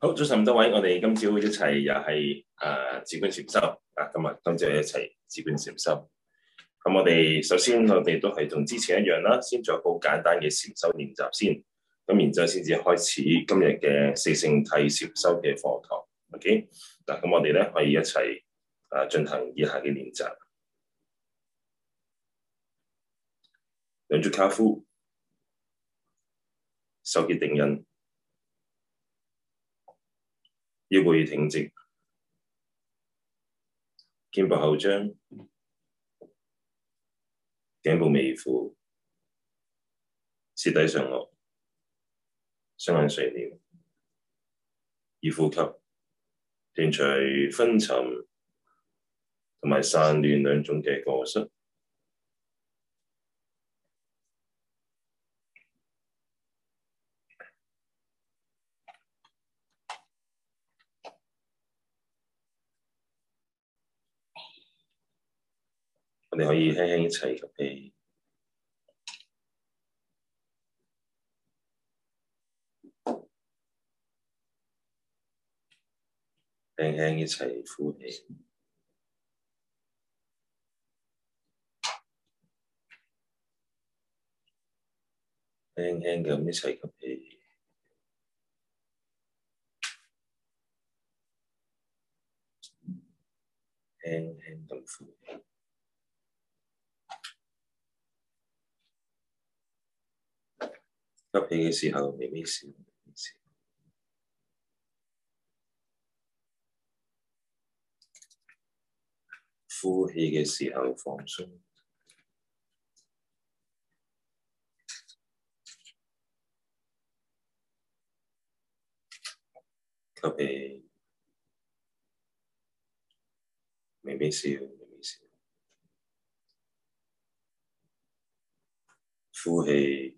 好，早晨各位，我哋今朝一齊又係誒止觀禪修啊！今日今朝一齊止觀禪修，咁我哋首先我哋都係同之前一樣啦，先做一個簡單嘅禪修練習先，咁、啊、然之後先至開始今日嘅四聖諦禪修嘅課堂。OK，嗱，咁我哋咧可以一齊誒、啊、進行以下嘅練習，兩足跏趺，手結定印。腰背挺直，肩膊後張，頸部微俯，舌抵上顎，雙眼垂吊，意呼吸，斷除昏沉，同埋散亂兩種嘅過失。你可以輕輕一齊呼氣，輕輕一齊呼氣，輕輕咁一齊呼氣，輕輕咁呼氣。吸氣嘅時候微微笑，微微笑，呼氣嘅時候放鬆。吸氣，微微笑，微微笑。呼氣。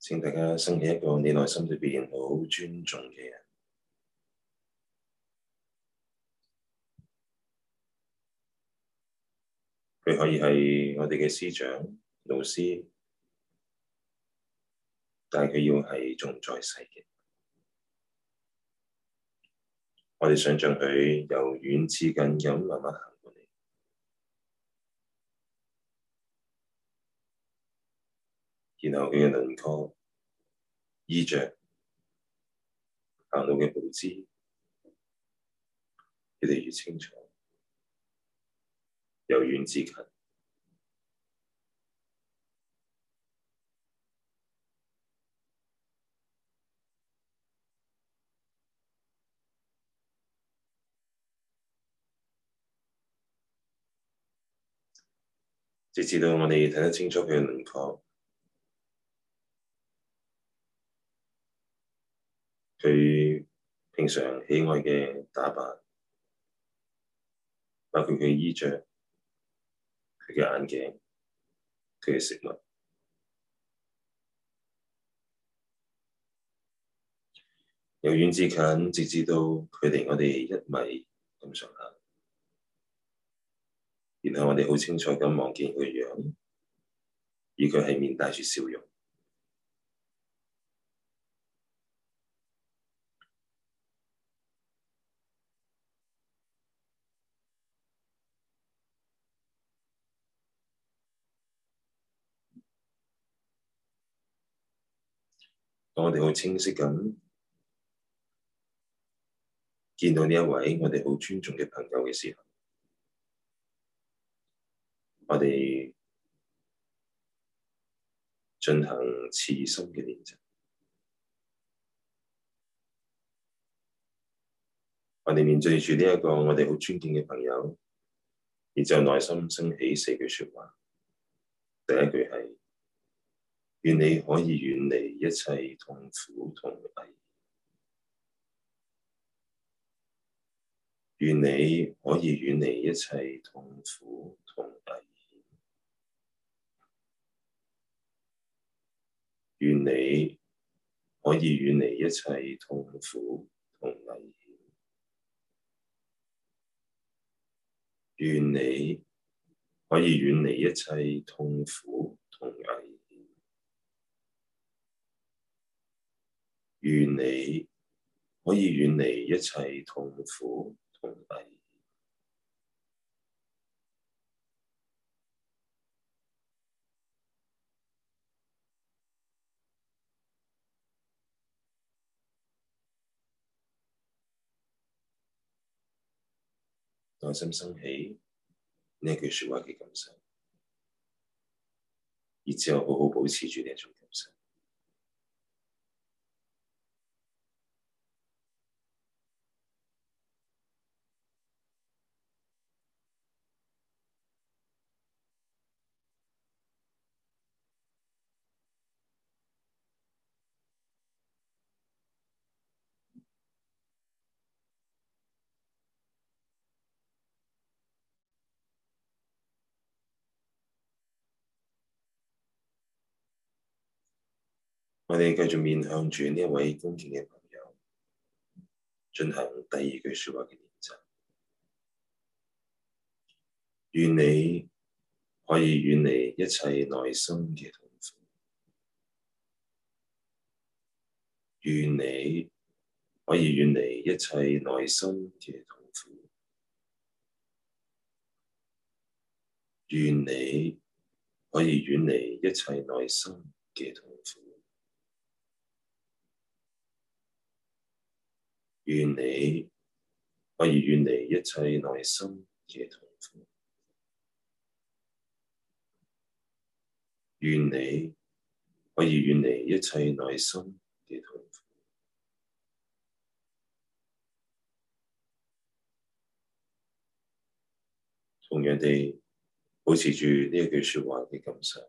請大家升起一個你內心裏邊好尊重嘅人，佢可以係我哋嘅師長、老師，但佢要係仲在世嘅。我哋想象佢由遠至近咁慢慢行。然後佢嘅輪廓、衣着、行路嘅步姿，越嚟越清楚，由遠至近，直至到我哋睇得清楚佢嘅輪廓。佢平常喜愛嘅打扮，包括佢衣着、佢嘅眼鏡、佢嘅食物，由遠至近，直至到距離我哋一米咁上下，然後我哋好清楚咁望見佢樣，而佢係面帶住笑容。我哋好清晰咁見到呢一位我哋好尊重嘅朋友嘅時候，我哋進行慈心嘅練習。我哋面對住呢一個我哋好尊敬嘅朋友，然之後內心升起四句説話，第一句係。願你可以遠離一切痛苦同危險。願你可以遠離一切痛苦同危險。願你可以遠離一切痛苦同危險。願你可以遠離一切痛苦同危。願你可以遠離一切痛苦同危險，內心生起呢句說話嘅感受，然之後好好保持住呢種感受。我哋繼續面向住呢位恭敬嘅朋友，進行第二句說話嘅練習。願你可以遠離一切內心嘅痛苦。願你可以遠離一切內心嘅痛苦。願你可以遠離一切內心嘅痛苦。願你可以遠離一切內心嘅痛苦，願你可以遠離一切內心嘅痛苦，同樣地保持住呢一句說話嘅感受。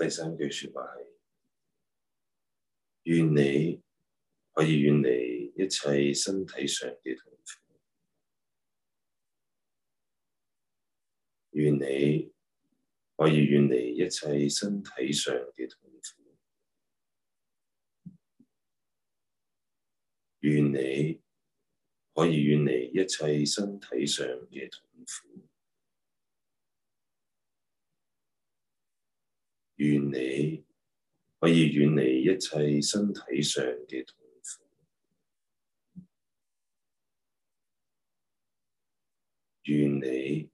第三句說話係：願你可以遠離一切身體上嘅痛苦，願你可以遠離一切身體上嘅痛苦，願你可以遠離一切身體上嘅痛苦。願你可以遠離一切身體上嘅痛苦，願你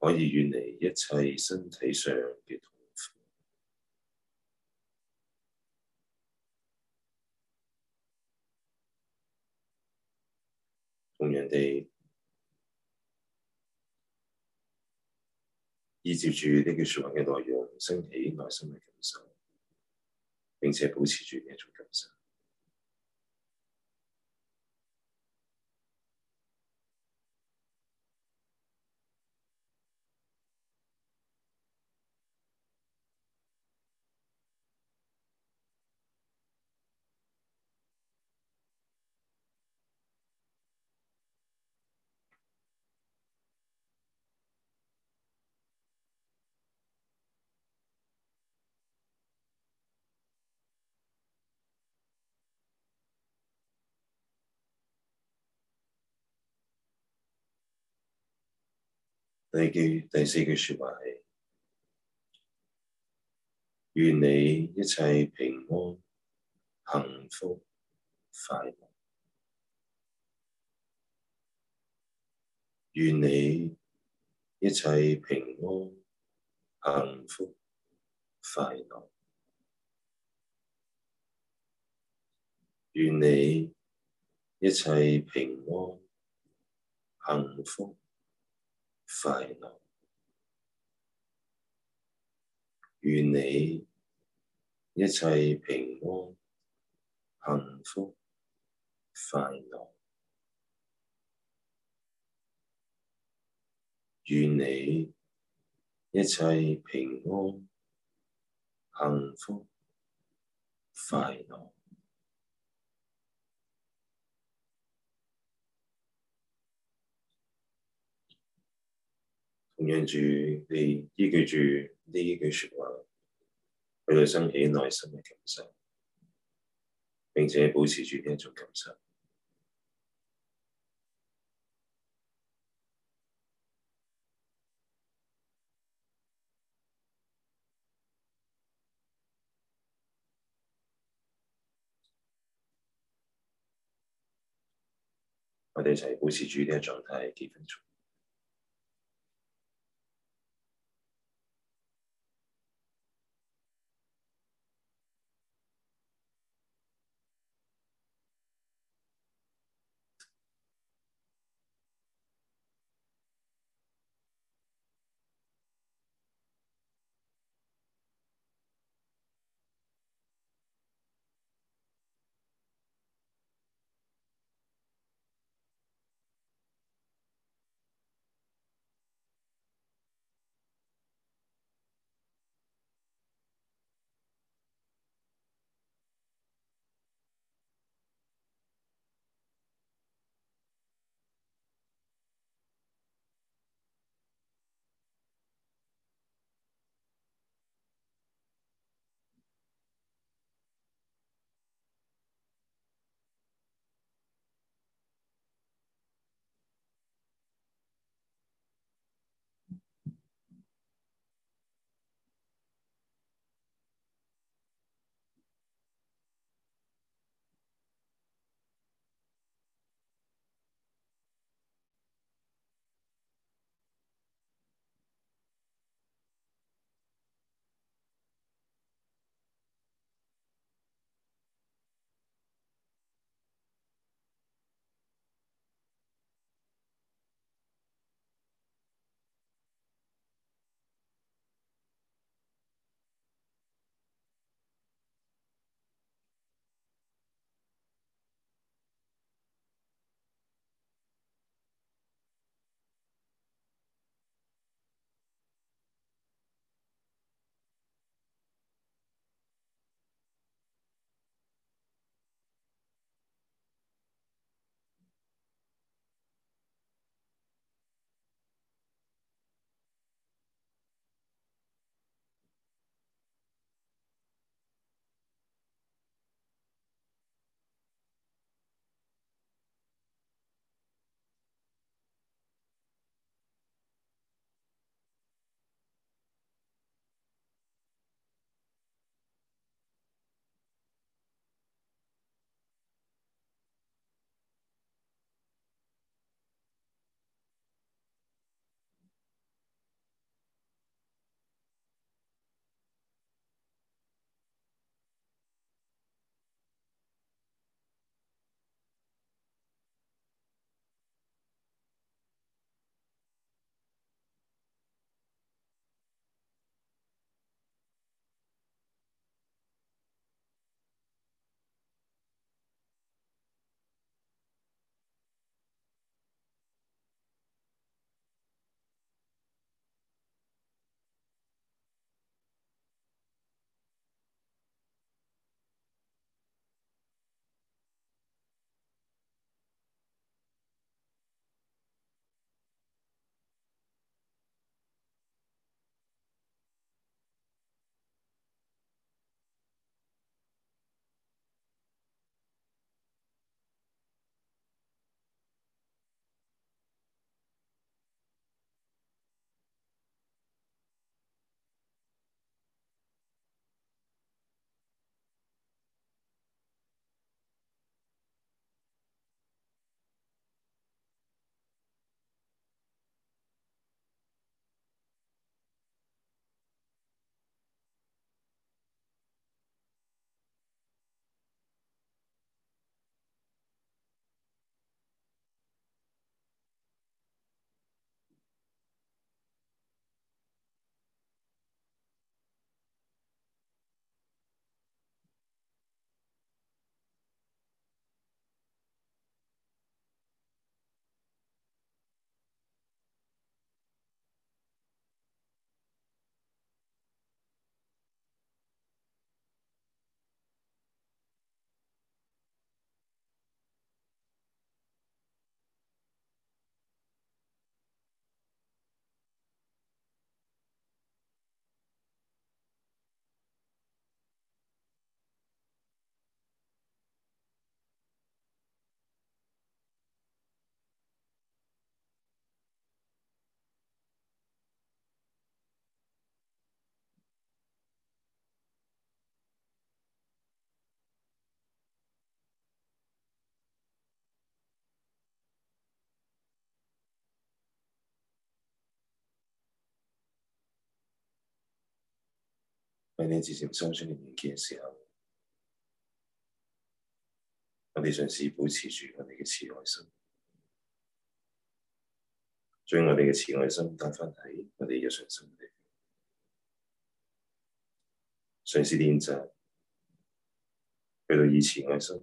可以遠離一切身體上嘅痛苦，同人哋。依照住呢句説話嘅內容，升起內心嘅感受，並且保持住呢種感受。第句第四句説話係：願你一切平安、幸福、快樂。願你一切平安、幸福、快樂。願你一切平安、幸福。快樂，願你一切平安、幸福、快樂。願你一切平安、幸福、快樂。念住你依據住呢句說話去生起內心嘅感受，並且保持住呢一種感受。我哋一齊保持住呢個狀態幾分鐘。喺你自從相處年紀嘅時候，我哋嘗試保持住我哋嘅慈愛心，將我哋嘅慈愛心帶翻喺我哋日常生活裏邊，嘗試練習去到以慈愛心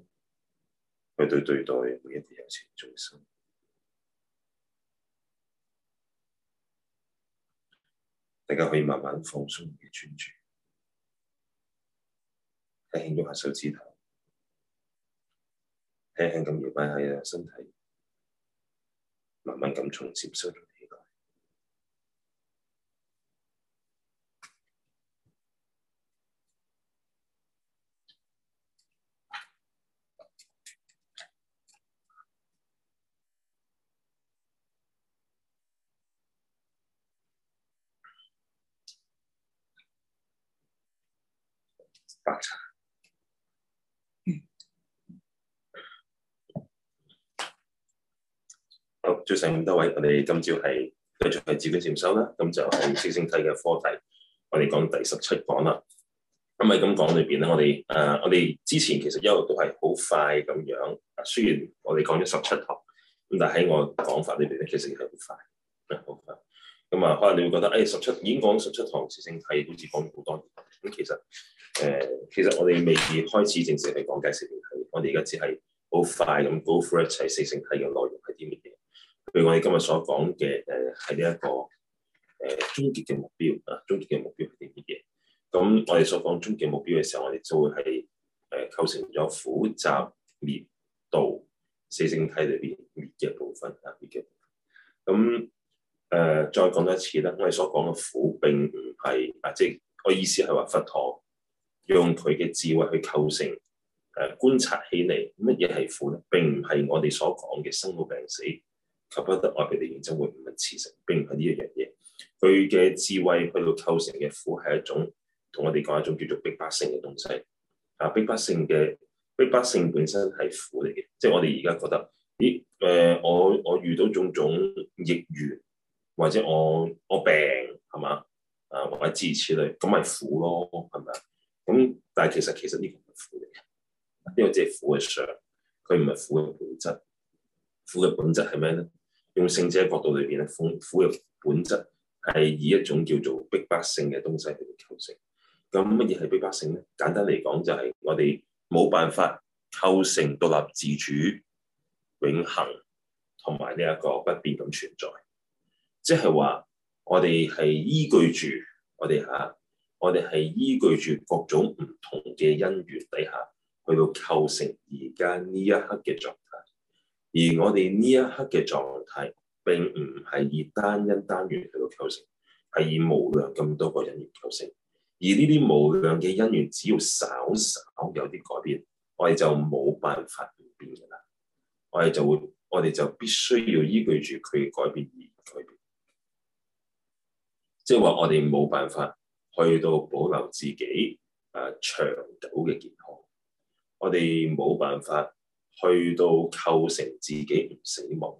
去到對待每一啲有情眾生。大家可以慢慢放鬆你嘅專注。輕輕喐下手指頭，輕輕咁搖擺下嘅身體，慢慢咁從接收到起。得。好，早晨咁多位，我哋今朝係繼續係止觀禪修啦。咁就喺四聖諦嘅課題，我哋講第十七講啦。咁喺咁講裏邊咧，我哋誒、呃，我哋之前其實一路都係好快咁樣。雖然我哋講咗十七堂，咁但喺我講法裏邊咧，其實係好快，係好快。咁啊，可能你會覺得誒，十、哎、七已經講十七堂四聖諦好，好似講咗好多。咁其實誒、呃，其實我哋未開始正式係講解四聖諦，我哋而家只係好快咁 go through 一齊四聖諦嘅內容係啲乜嘢。譬如我哋今日所講嘅，誒係呢一個誒終極嘅目標啊，終極嘅目標係啲乜嘢？咁我哋所講終極目標嘅時候，我哋就會係誒構成咗苦、集、滅、道四聖諦裏邊滅嘅部分啊，滅嘅部分。咁、呃、誒再講多一次啦，我哋所講嘅苦並唔係啊，即係我意思係話佛陀用佢嘅智慧去構成誒觀察起嚟乜嘢係苦咧？並唔係我哋所講嘅生老病死。求不得愛俾你人生，會唔係慈誠？並唔係呢一樣嘢。佢嘅智慧去到構成嘅苦係一種，同我哋講一種叫做逼迫性嘅東西。啊，逼迫性嘅逼迫性本身係苦嚟嘅。即係我哋而家覺得，咦？誒，我我遇到種種逆緣，或者我我病係嘛？啊，或者諸如此類，咁咪苦咯，係咪啊？咁但係其實其實呢個唔係苦嚟嘅，呢個只係苦嘅相，佢唔係苦嘅本質。苦嘅本質係咩咧？用聖者角度裏邊咧，痛苦嘅本質係以一種叫做逼迫性嘅東西嚟到構成。咁乜嘢係逼迫性咧？簡單嚟講就係我哋冇辦法構成獨立自主、永恆同埋呢一個不變咁存在。即係話我哋係依據住我哋嚇，我哋係依據住各種唔同嘅因緣底下，去到構成而家呢一刻嘅狀況。而我哋呢一刻嘅狀態並唔係以單一單元去到構成，係以無量咁多個因緣構成。而呢啲無量嘅因緣，只要稍稍有啲改變，我哋就冇辦法變變㗎啦。我哋就會，我哋就必須要依據住佢改變而改變。即係話，我哋冇辦法去到保留自己誒、啊、長久嘅健康，我哋冇辦法。去到構成自己唔死亡，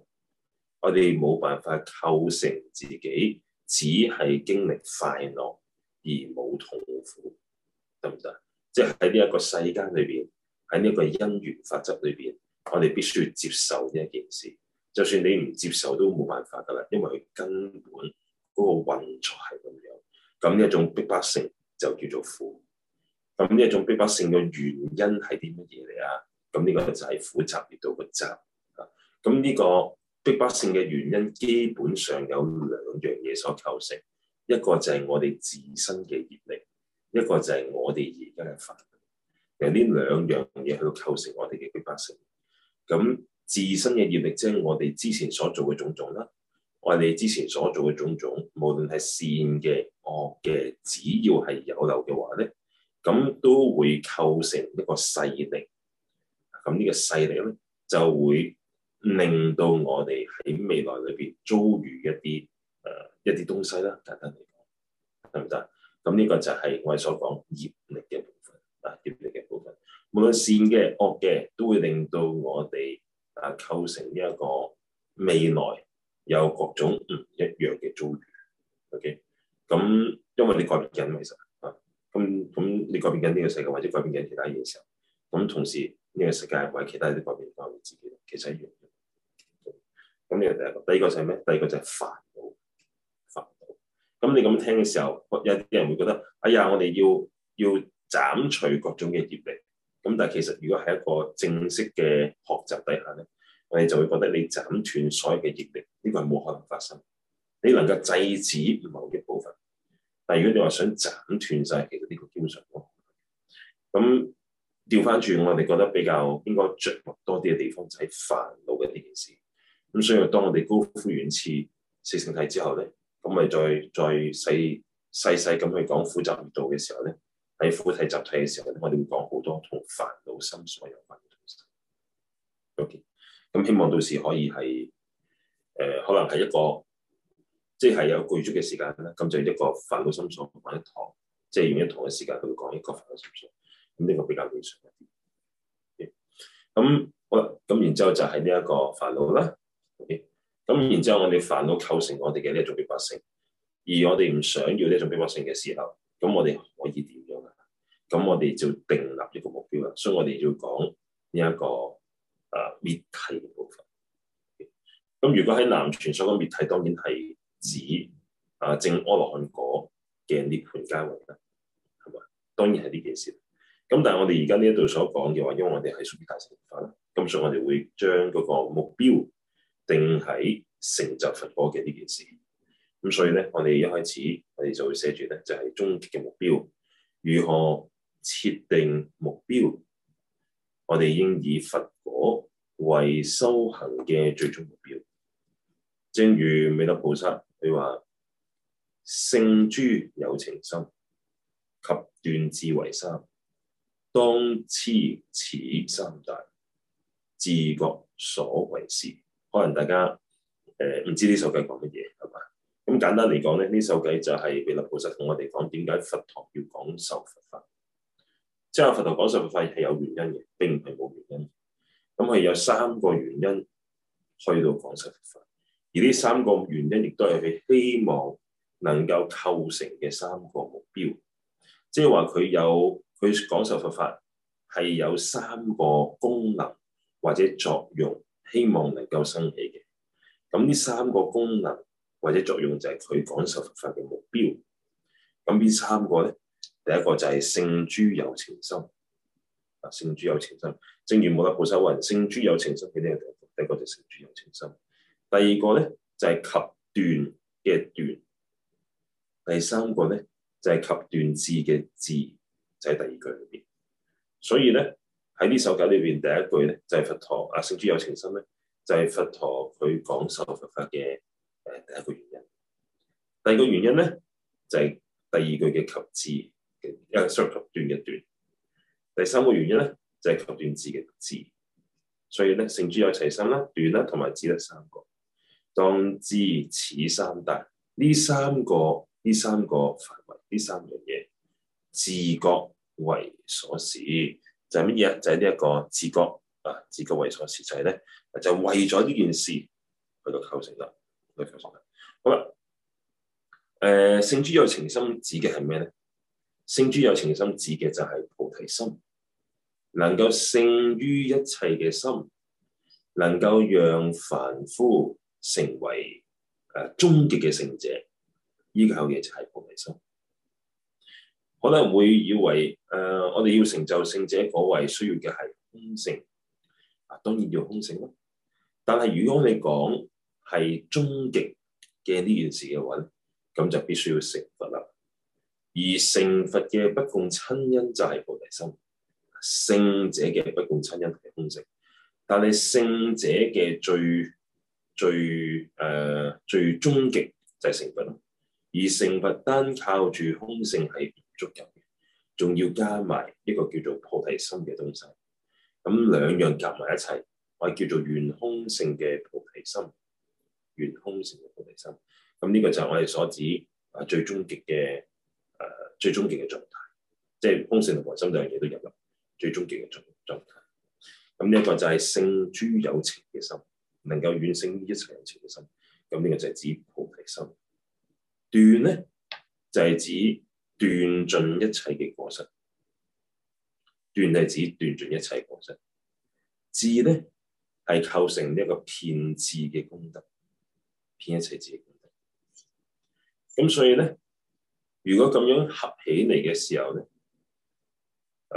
我哋冇辦法構成自己只係經歷快樂而冇痛苦，得唔得？即係喺呢一個世間裏邊，喺呢一個因緣法則裏邊，我哋必須接受呢一件事。就算你唔接受都冇辦法噶啦，因為佢根本嗰個運作係咁樣。咁呢一種逼迫性就叫做苦。咁呢一種逼迫性嘅原因係啲乜嘢嚟啊？咁呢個就係苦集滅道嘅集啊。咁呢個逼迫性嘅原因，基本上有兩樣嘢所構成，一個就係我哋自身嘅業力，一個就係我哋而家嘅煩惱。由呢兩樣嘢去構成我哋嘅逼迫性。咁自身嘅業力，即係我哋之前所做嘅種種啦。我哋之前所做嘅種種，無論係善嘅、惡嘅，只要係有漏嘅話咧，咁都會構成一個勢力。咁呢個勢力咧，就會令到我哋喺未來裏邊遭遇一啲誒、呃、一啲東西啦，簡單嚟講，得唔得？咁呢個就係、是、我哋所講業力嘅部分啊，業力嘅部分，無論善嘅、惡嘅，都會令到我哋啊構成呢一個未來有各種唔一樣嘅遭遇。O.K. 咁因為你改變緊其實啊，咁咁你改變緊呢個世界，或者改變緊其他嘢嘅時候，咁同時。呢個世界係為其他啲方面，包括自己，其實一樣。咁呢個第一個，第二個就係咩？第二個就係煩惱、煩惱。咁、嗯、你咁聽嘅時候，有啲人會覺得：哎呀，我哋要要斬除各種嘅業力。咁、嗯、但係其實如果係一個正式嘅學習底下咧，我哋就會覺得你斬斷所有嘅業力，呢、呢個係冇可能發生。你能夠制止某一部分，但係如果你話想斬斷晒，其實呢個基本上冇可能。咁、嗯嗯.調返轉，我哋覺得比較應該著墨多啲嘅地方就係煩惱嘅呢件事。咁所以當我哋高呼遠次四聖諦之後咧，咁咪再再細細細咁去講苦集道嘅時候咧，喺苦諦集諦嘅時候咧，我哋會講好多同煩惱心所有關嘅東西。OK，咁希望到時可以係誒、呃，可能係一個即係有具足嘅時間啦。咁就一個煩惱心所同埋一堂，即、就、係、是、用一堂嘅時間去講一個煩惱心所。咁呢個比較正常一啲。咁、okay. 好，咁然之後就係呢一個煩惱啦。咁、okay. 然之後我哋煩惱構成我哋嘅呢一種悲劇性，而我哋唔想要呢種悲劇性嘅時候，咁我哋可以點樣咧？咁我哋就定立呢個目標啦。所以我哋要講呢一個啊滅諦嘅部分。咁、okay. 如果喺南傳所講滅諦，當然係指啊正阿羅漢果嘅涅槃佳慧啦，係嘛？當然係呢件事。咁但係我哋而家呢一度所講嘅話，因為我哋係屬於大乘佛法啦，咁所以我哋會將嗰個目標定喺成就佛果嘅呢件事。咁所以咧，我哋一開始我哋就會寫住咧，就係終極嘅目標，如何設定目標？我哋應以佛果為修行嘅最終目標。正如彌勒菩薩佢話：勝諸有情心及斷智為三。當知此，此三大，自覺所為事，可能大家誒唔、呃、知呢首偈講乜嘢係嘛？咁、嗯、簡單嚟講咧，呢首偈就係彌勒菩薩同我哋講點解佛陀要講授佛法。即係佛陀講授佛法係有原因嘅，並唔係冇原因。咁、嗯、係有三個原因去到講授佛法，而呢三個原因亦都係佢希望能夠構成嘅三個目標。即係話佢有。佢講受佛法係有三個功能或者作用，希望能夠生起嘅。咁呢三個功能或者作用就係佢講受佛法嘅目標。咁呢三個咧？第一個就係勝諸有情心，啊，勝諸有情心。正如彌勒菩薩云，勝諸有情心，佢呢個第一個就係勝諸有情心。第二個咧就係、是、及斷嘅斷，第三個咧就係、是、及斷智嘅智。就喺第二句裏邊，所以咧喺呢首偈裏邊，第一句咧就係、是、佛陀啊，勝諸有情心咧，就係、是、佛陀佢講受佛法嘅，誒、呃、第一個原因。第二個原因咧就係、是、第二句嘅及字嘅一個修習斷嘅斷。第三個原因咧就係、是、及斷智嘅智。所以咧勝諸有情心啦、斷啦同埋智得三個當知此三大，呢三個呢三個範圍呢三樣嘢自覺，為所使就係乜嘢？就係呢一個自覺啊，自覺為所使就係咧，就是、為咗呢件事去到構成啦，去構成啦。好啦，誒、呃，勝諸有情心指嘅係咩咧？勝諸有情心指嘅就係菩提心，能夠勝於一切嘅心，能夠讓凡夫成為誒終極嘅聖者，呢、這個好嘢就係菩提心。可能會以為誒、呃，我哋要成就聖者果位需要嘅係空性，啊，當然要空性咯。但係如果你講係終極嘅呢件事嘅話咧，咁就必須要成佛啦。而成佛嘅不共親因就係菩提心，聖者嘅不共親因係空性，但係聖者嘅最最誒、呃、最終極就係成佛咯。而成佛單靠住空性係，仲要加埋一個叫做菩提心嘅東西，咁兩樣夾埋一齊，我哋叫做圓空性嘅菩提心，圓空性嘅菩提心，咁呢個就係我哋所指啊最終極嘅誒、呃、最終極嘅狀態，即係空性同埋菩提心兩樣嘢都入入最終極嘅狀狀態。咁呢一個就係勝諸有情嘅心，能夠遠勝於一切有情嘅心，咁呢個就係指菩提心。斷咧就係指。斷盡一切嘅過失，斷係指斷盡一切過失。智咧係構成一個遍智嘅功德，遍一切智嘅功德。咁所以咧，如果咁樣合起嚟嘅時候咧，誒、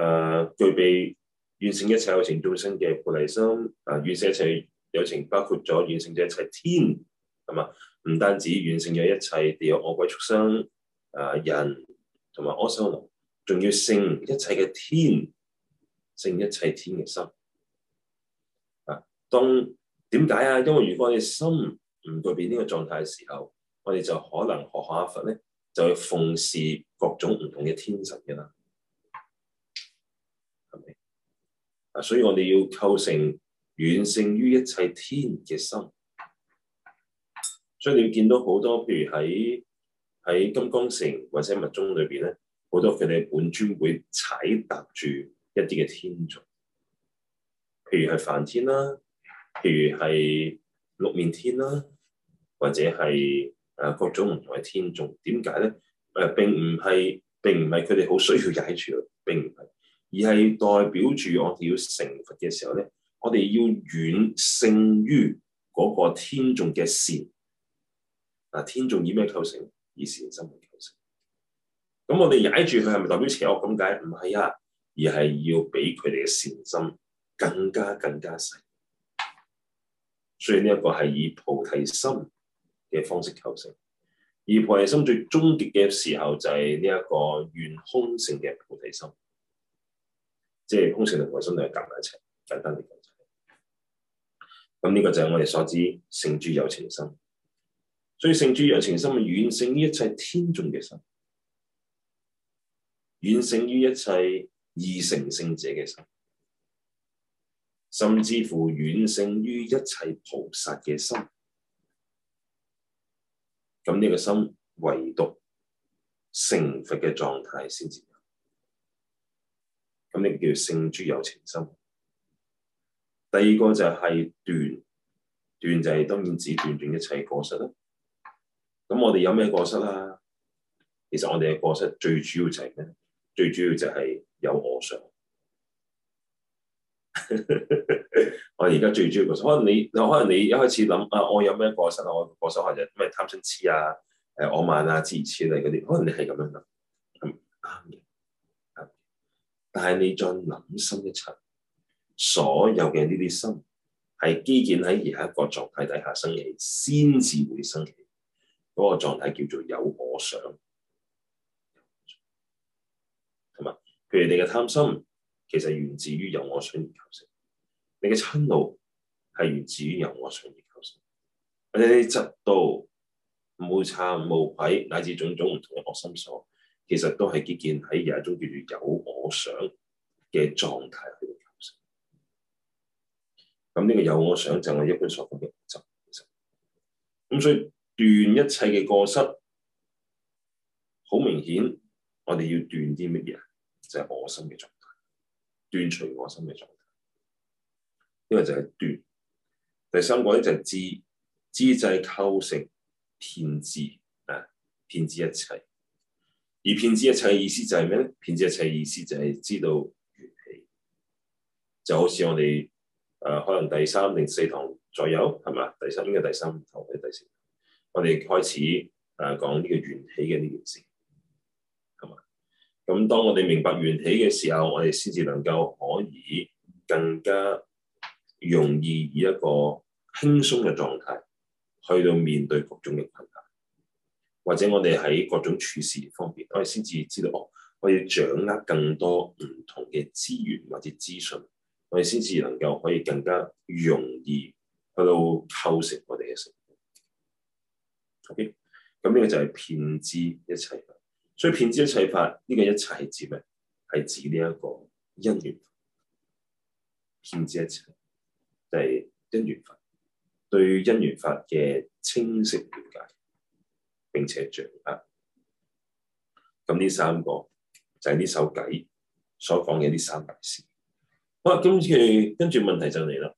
呃、具備完成一切有情眾生嘅菩提心，啊完成一切有情包括咗完成咗一切天，係嘛？唔單止完成咗一切地獄惡鬼畜生啊、呃、人。同埋阿修羅，仲要勝一切嘅天，勝一切天嘅心啊！當點解啊？因為如果你心唔具備呢個狀態嘅時候，我哋就可能學下佛咧，就去奉事各種唔同嘅天神嘅啦，係咪？啊！所以我哋要構成遠勝於一切天嘅心，所以你要見到好多，譬如喺～喺金剛城或者密宗裏邊咧，好多佢哋本尊會踩踏住一啲嘅天眾，譬如係梵天啦，譬如係六面天啦，或者係誒各種唔同嘅天眾。點解咧？誒並唔係並唔係佢哋好需要踩住，並唔係，而係代表住我哋要成佛嘅時候咧，我哋要遠勝於嗰個天眾嘅善。嗱，天眾以咩構成？以善心嚟構成，咁我哋踩住佢係咪代表邪惡咁解？唔係啊，而係要俾佢哋嘅善心更加更加細。所以呢一個係以菩提心嘅方式構成，而菩提心最終極嘅時候就係呢一個願空性嘅菩提心，即係空性同菩提心嚟夾埋一齊，簡單啲講就係。咁呢個就係我哋所知勝諸有情心。所以勝諸有情心啊，遠勝於一切天眾嘅心，遠勝於一切二乘聖者嘅心，甚至乎遠勝於一切菩薩嘅心。咁呢個心，唯獨成佛嘅狀態先至有。咁呢個叫勝諸有情心。第二個就係斷，斷就係、是、當然指斷斷一切過失啦。咁我哋有咩過失啊？其實我哋嘅過失最主要就係咩？最主要就係有我相。 我而家最主要過失，可能你可能你一開始諗啊，我有咩過失啊？我過失係就咩貪嗔痴啊？誒我慢啊，自以為是嗰啲，可能你係咁樣諗，唔啱嘅。但係你再諗深一層，所有嘅呢啲心係基建喺而家一個狀態底下升起，先至會生起。嗰個狀態叫做有我想，同埋佢哋嘅貪心其實源自於有我想而求成。你嘅嗔怒係源自於有我想而求成。或者你嘅嫉妒、無慚無愧乃至種種唔同嘅惡心所，其實都係結建喺有一種叫做有我想嘅狀態去求成。咁呢、這個有我想就係、是、一般所講嘅執，其實咁所以。斷一切嘅過失，好明顯，我哋要斷啲乜嘢？就係、是、我心嘅狀態，斷除我心嘅狀態。呢個就係斷。第三個咧就知知制構成，遍知啊，遍知一切。而遍知一切嘅意思就係咩咧？遍知一切意思就係知道緣起。就好似我哋誒、呃，可能第三定四堂左右，係嘛？第三應該第三堂或者第四。我哋開始誒、啊、講呢個緣起嘅呢件事，係嘛？咁當我哋明白緣起嘅時候，我哋先至能夠可以更加容易以一個輕鬆嘅狀態去到面對各種嘅困難，或者我哋喺各種處事方面，我哋先至知道哦，我要掌握更多唔同嘅資源或者資訊，我哋先至能夠可以更加容易去到構成我哋嘅成。咁呢、okay. 個就係遍知一切法，所以遍知一切法呢、呢個一切係指咩？係指呢一個因緣遍知一切，即係因緣法。對因緣法嘅清晰了解，並且掌握。咁呢三個就係呢首偈所講嘅呢三大事。好，跟住跟住問題就嚟啦。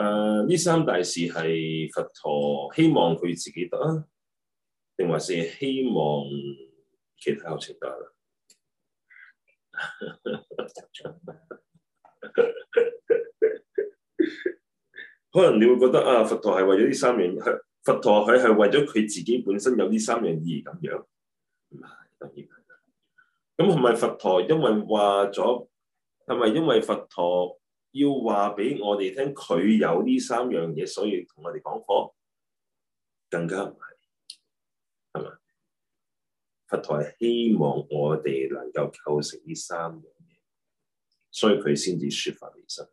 誒呢、uh, 三大事係佛陀希望佢自己得啊，定還是希望其他有情得？ 可能你會覺得啊，佛陀係為咗呢三樣，佛陀佢係為咗佢自己本身有呢三樣意義咁樣。咁係咪佛陀因為話咗？係咪因為佛陀？要話俾我哋聽，佢有呢三樣嘢，所以同我哋講課更加唔係，係嘛？佛陀係希望我哋能夠構成呢三樣嘢，所以佢先至說法利生。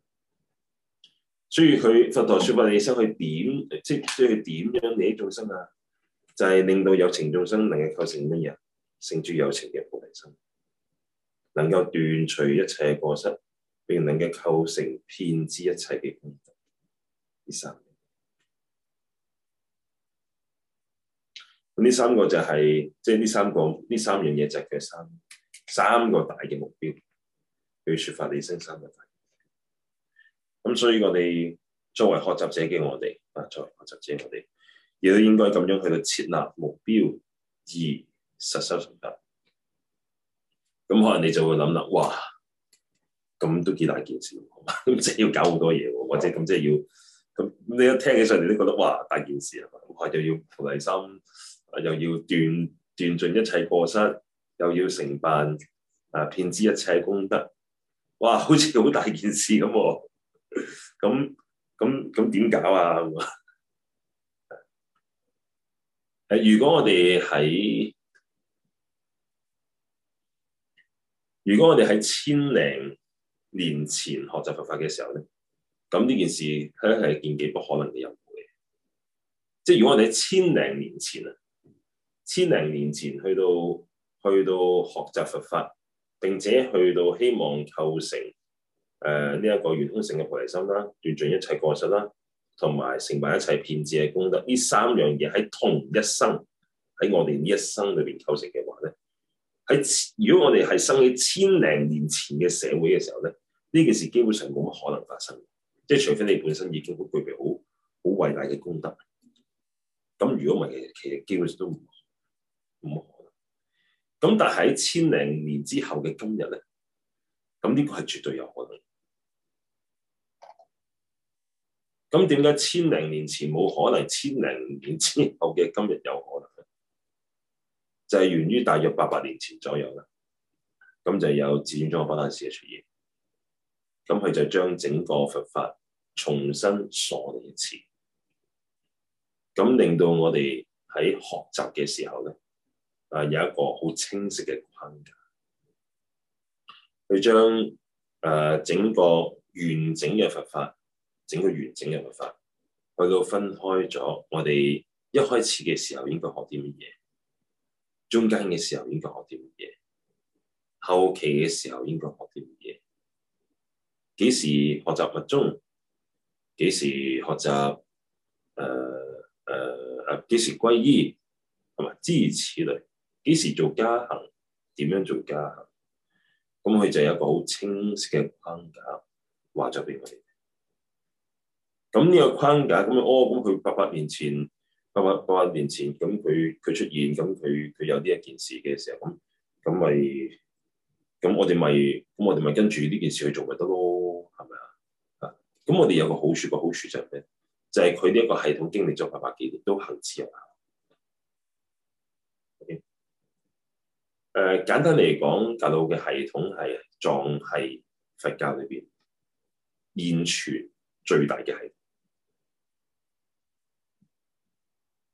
所以佢佛陀說法利生，佢點即係即係點樣啲眾生啊？就係令到有情眾生能夠構成乜嘢？勝諸有情嘅菩提心，能夠斷除一切過失。並能夠構成遍知一切嘅功德。呢三個呢三個就係、是、即係呢三個呢三樣嘢就係佢三三個大嘅目標，佢說法理升三個大。咁所以我哋作為學習者嘅我哋啊，作為學習者我哋亦都應該咁樣去到設立目標而實修實得。咁可能你就會諗啦，哇！咁都幾大件事，咁即係要搞好多嘢喎，或者咁即係要咁，你一聽起上嚟都覺得哇大件事啊！咁啊又要菩提心，又要斷斷盡一切過失，又要成辦啊遍知一切功德，哇！好似好大件事咁喎，咁咁咁點搞啊？誒， 如果我哋喺，如果我哋喺千零年前學習佛法嘅時候咧，咁呢件事咧係件幾不可能嘅任務嘅。即係如果我哋喺千零年前啊，千零年前去到去到學習佛法，並且去到希望構成誒呢一個圓通性嘅菩提心啦、斷盡一切過失啦，同埋成辦一切遍智嘅功德，呢三樣嘢喺同一生喺我哋呢一生裏邊構成嘅話咧，喺如果我哋係生喺千零年前嘅社會嘅時候咧。呢件事基本上冇乜可能發生，即係除非你本身已經都具備好好偉大嘅功德。咁如果唔係，其實基本上都唔唔可能。咁但係喺千零年之後嘅今日咧，咁呢個係絕對有可能。咁點解千零年前冇可能，千零年之後嘅今日有可能？就係、是、源於大約八百年前左右啦。咁就有自願裝核反應士嘅出現。咁佢就將整個佛法重新鎖一次，咁令到我哋喺學習嘅時候咧，啊有一個好清晰嘅框架，佢將誒整個完整嘅佛法，整個完整嘅佛法，去到分開咗我哋一開始嘅時候應該學啲乜嘢，中間嘅時候應該學啲乜嘢，後期嘅時候應該學啲乜嘢。幾時學習密宗？幾時學習？誒誒誒？幾時歸依？係嘛？諸如此類。幾時做加行？點樣做加行？咁佢就有一個好清晰嘅框，框架，話咗俾我哋。咁呢個框架咁啊？哦，咁佢八百年前，八百八百年前，咁佢佢出現，咁佢佢有呢一件事嘅時候，咁咁咪咁我哋咪咁我哋咪跟住呢件事去做咪得咯？咁我哋有個好處，個好處就係咩？就係佢呢一個系統經歷咗八百幾年都行之有效。誒，簡單嚟講，格魯嘅系統係藏系佛教裏邊現存最大嘅系統。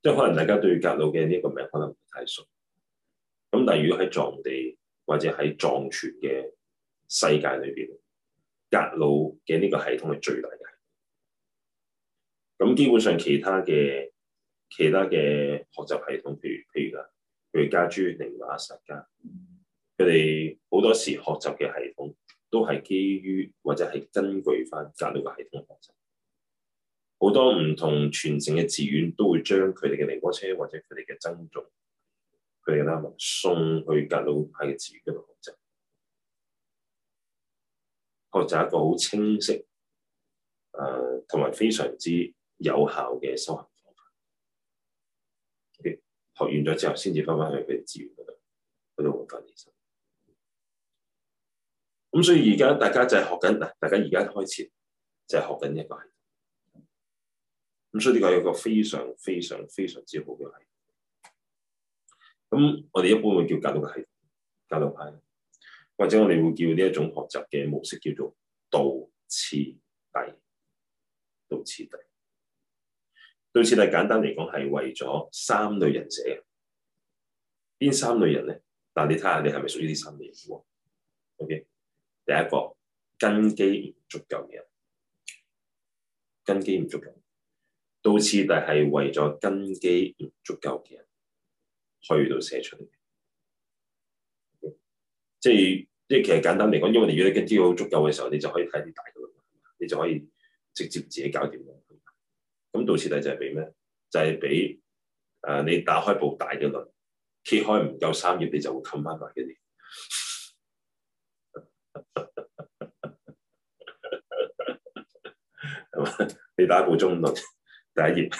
即係可能大家對格魯嘅呢個名可能唔太熟。咁但係如果喺藏地或者喺藏傳嘅世界裏邊，格魯嘅呢個系統係最大嘅系統。咁基本上其他嘅其他嘅學習系統，譬如譬如啦，譬如噶舉、寧瑪、薩迦，佢哋好多時學習嘅系統都係基於或者係根據返格魯嘅系統學習。好多唔同傳承嘅寺院都會將佢哋嘅仁波切或者佢哋嘅僧眾佢哋啦送去格魯派嘅寺院度學習。學習一個好清晰、誒同埋非常之有效嘅修行方法。學完咗之後，先至翻翻去佢哋資源嗰度，嗰度揾翻啲嘢。咁所以而家大家就係學緊，嗱，大家而家開始就係學緊呢個系統。咁所以呢個一個非常非常非常之好嘅系統。咁我哋一般會叫教育嘅教育派。或者我哋會叫呢一種學習嘅模式叫做道次第，道次第，道次第簡單嚟講係為咗三類人寫嘅，邊三類人咧但你睇下你係咪屬於呢三類人？OK，第一個根基唔足夠嘅人，根基唔足夠，道次第係為咗根基唔足夠嘅人去到度寫出嚟。即係，即係，其實簡單嚟講，因為你如果啲資料好足夠嘅時候，你就可以睇啲大嘅論文，你就可以直接自己搞掂。咁道次第就係俾咩？就係俾誒，你打開部大嘅論，揭開唔夠三頁，你就會冚翻埋一啲。係嘛？你打一部中論第一頁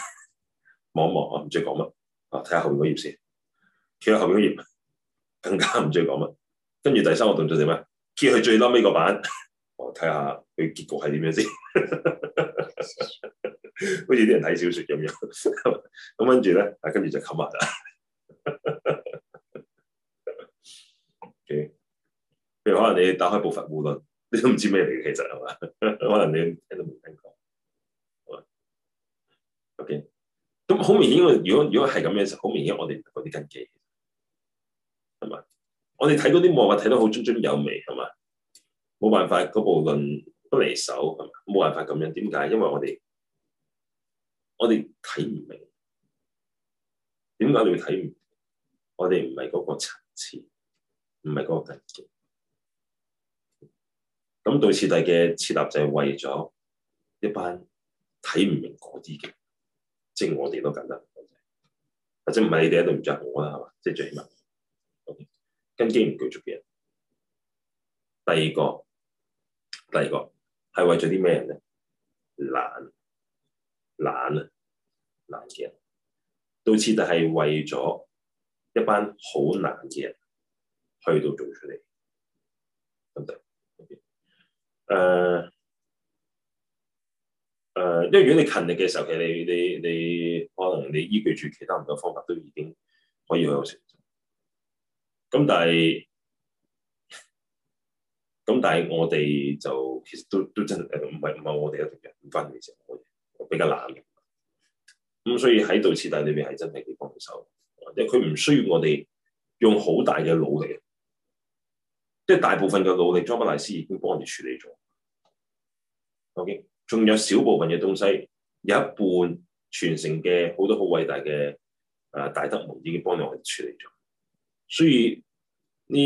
望一望，我唔鍾意講乜啊？睇下後面嗰頁先。其實後面嗰頁更加唔鍾意講乜。跟住第三個動作係咩？叫佢最嬲尾個版。我睇下佢結局係點樣先，好似啲人睇小説咁樣。咁跟住咧，啊跟住就冚下啦。 O.K.，譬如可能你打開《暴法烏論》，你都唔知咩嚟嘅，其實係嘛？ 可能你都未聽過。O.K.，咁好明顯，如果如果係咁樣，好明顯我，我哋嗰啲根基係嘛？我哋睇到啲墨畫睇得好津津有味，係嘛？冇辦法，嗰部論不離手，係嘛？冇辦法咁樣，點解？因為我哋我哋睇唔明，點解你會睇唔，我哋唔係嗰個層次，唔係嗰個境界。咁道次第嘅設立就係為咗一班睇唔明嗰啲嘅，即係我哋都搞得唔到，或者唔係你哋喺度唔着我啦，係嘛？即係最起碼。根基唔具足嘅人，第二個第二個係為咗啲咩人咧？懶懶啊，懶嘅人，道次第就係為咗一班好懶嘅人去到做出嚟，咁、嗯、得。誒誒、okay. 呃呃，因為如果你勤力嘅時候，其實你你你，你可能你依據住其他唔同方法都已經可以有成。咁但係，咁但係我哋就其實都都真係誒，唔係唔係我哋一定人，唔翻嘅嘢，我比較懶。咁所以喺道次第裏邊係真係幾幫手，因為佢唔需要我哋用好大嘅努力，即係大部分嘅努力，宗喀巴大師已經幫你處理咗。OK，仲有少部分嘅東西，有一半傳承嘅好多好偉大嘅誒、呃、大德們已經幫我哋處理咗。所以呢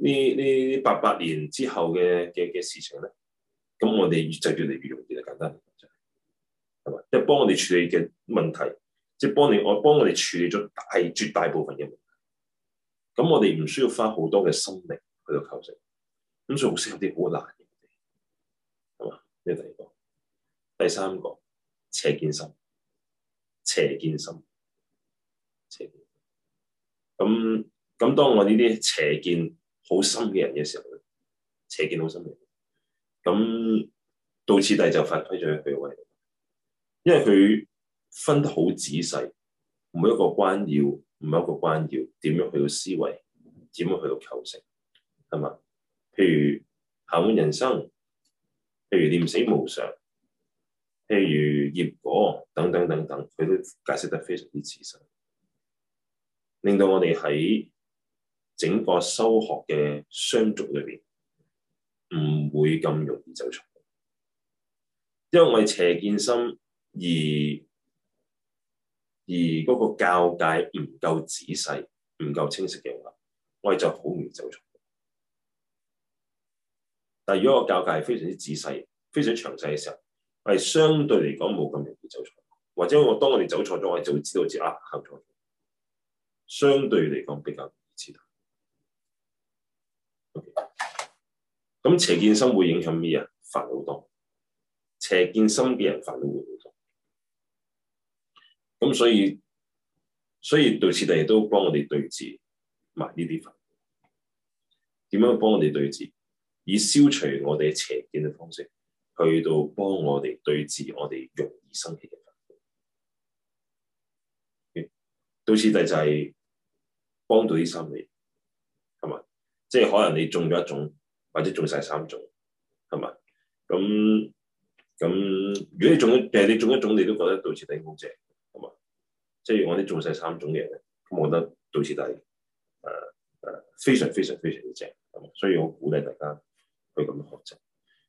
呢呢八八年之後嘅嘅嘅事情咧，咁我哋就越嚟越容易啦，簡單、就是，係嘛？即、就、係、是、幫我哋處理嘅問題，即、就、係、是、幫你我幫我哋處理咗大絕大部分嘅問題，咁我哋唔需要花好多嘅心力去到構成，咁做少啲好難嘅，係嘛？呢、這個第二個，第三個邪見心，邪見心，邪見，咁。咁當我呢啲邪見好深嘅人嘅時候，邪見好深嘅人，咁道次第就發揮咗佢嘅威力，因為佢分得好仔細，每一個關要，每一個關要點樣去到思維，點樣去到構成，係嘛？譬如暇滿人身，譬如念死無常，譬如業果等等等等，佢都解釋得非常之仔細，令到我哋喺整個修學嘅雙軸裏邊，唔會咁容易走錯，因為我哋邪見心，而而嗰個教界唔夠仔細、唔夠清晰嘅話，我哋就好容易走錯。但係如果個教界係非常之仔細、非常詳細嘅時候，係相對嚟講冇咁容易走錯，或者我當我哋走錯咗，我哋就會知道自己啊走錯咗，相對嚟講比較容易知道。咁邪見心會影響咩啊？煩惱多，邪見心嘅人煩惱會唔會多？咁所以所以道次第亦都幫我哋對治埋呢啲煩惱。點樣幫我哋對治？以消除我哋邪見嘅方式，去到幫我哋對治我哋容易生起嘅煩惱。道次第就係幫到啲心理，係咪？即係可能你中咗一種。或者種晒三種，係嘛？咁咁，如果你種一，你種一種，你都覺得道次第好正，係嘛？即係我啲種晒三種嘢，咁我覺得道次第，誒、呃、非常非常非常之正。咁，所以我鼓勵大家去咁樣學習。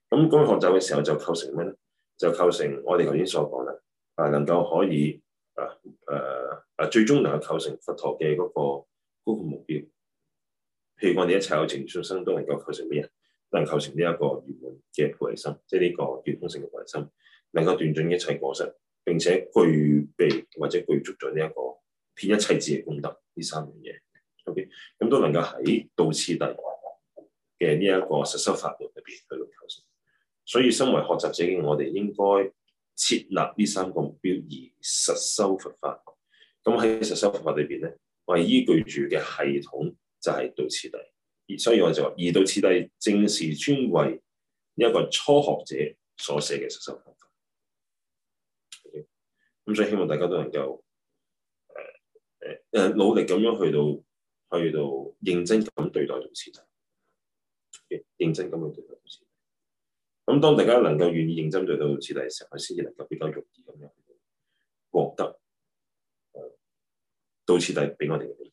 咁該學習嘅時候，就構成咩咧？就構成我哋頭先所講啦，啊，能夠可以啊誒啊，最終能夠構成佛陀嘅嗰、嗰個嗰個目標。譬如我哋一切有情眾生都能夠構成咩人，能夠構成呢一個圓滿嘅菩提心，即係呢個圓通性嘅菩提心，能夠斷盡一切過失，並且具備或者具足咗呢一個遍一切智嘅功德呢三樣嘢。O.K. 咁都能夠喺道次第嘅呢一個實修法門裏邊去到構成。所以身為學習者嘅我哋應該設立呢三個目標而實修佛法。咁喺實修佛法裏邊咧，我係依據住嘅系統。就係道次第，而所以我就話：而道次第，正是專為一個初學者所寫嘅實修方法。咁、okay? 所以希望大家都能夠誒誒、uh, uh, 努力咁樣去到去到認真咁對待道次第，okay? 認真咁去對待道次第。咁當大家能夠願意認真對道次第嘅時候，佢先至能夠比較容易咁樣獲得道次第俾我哋。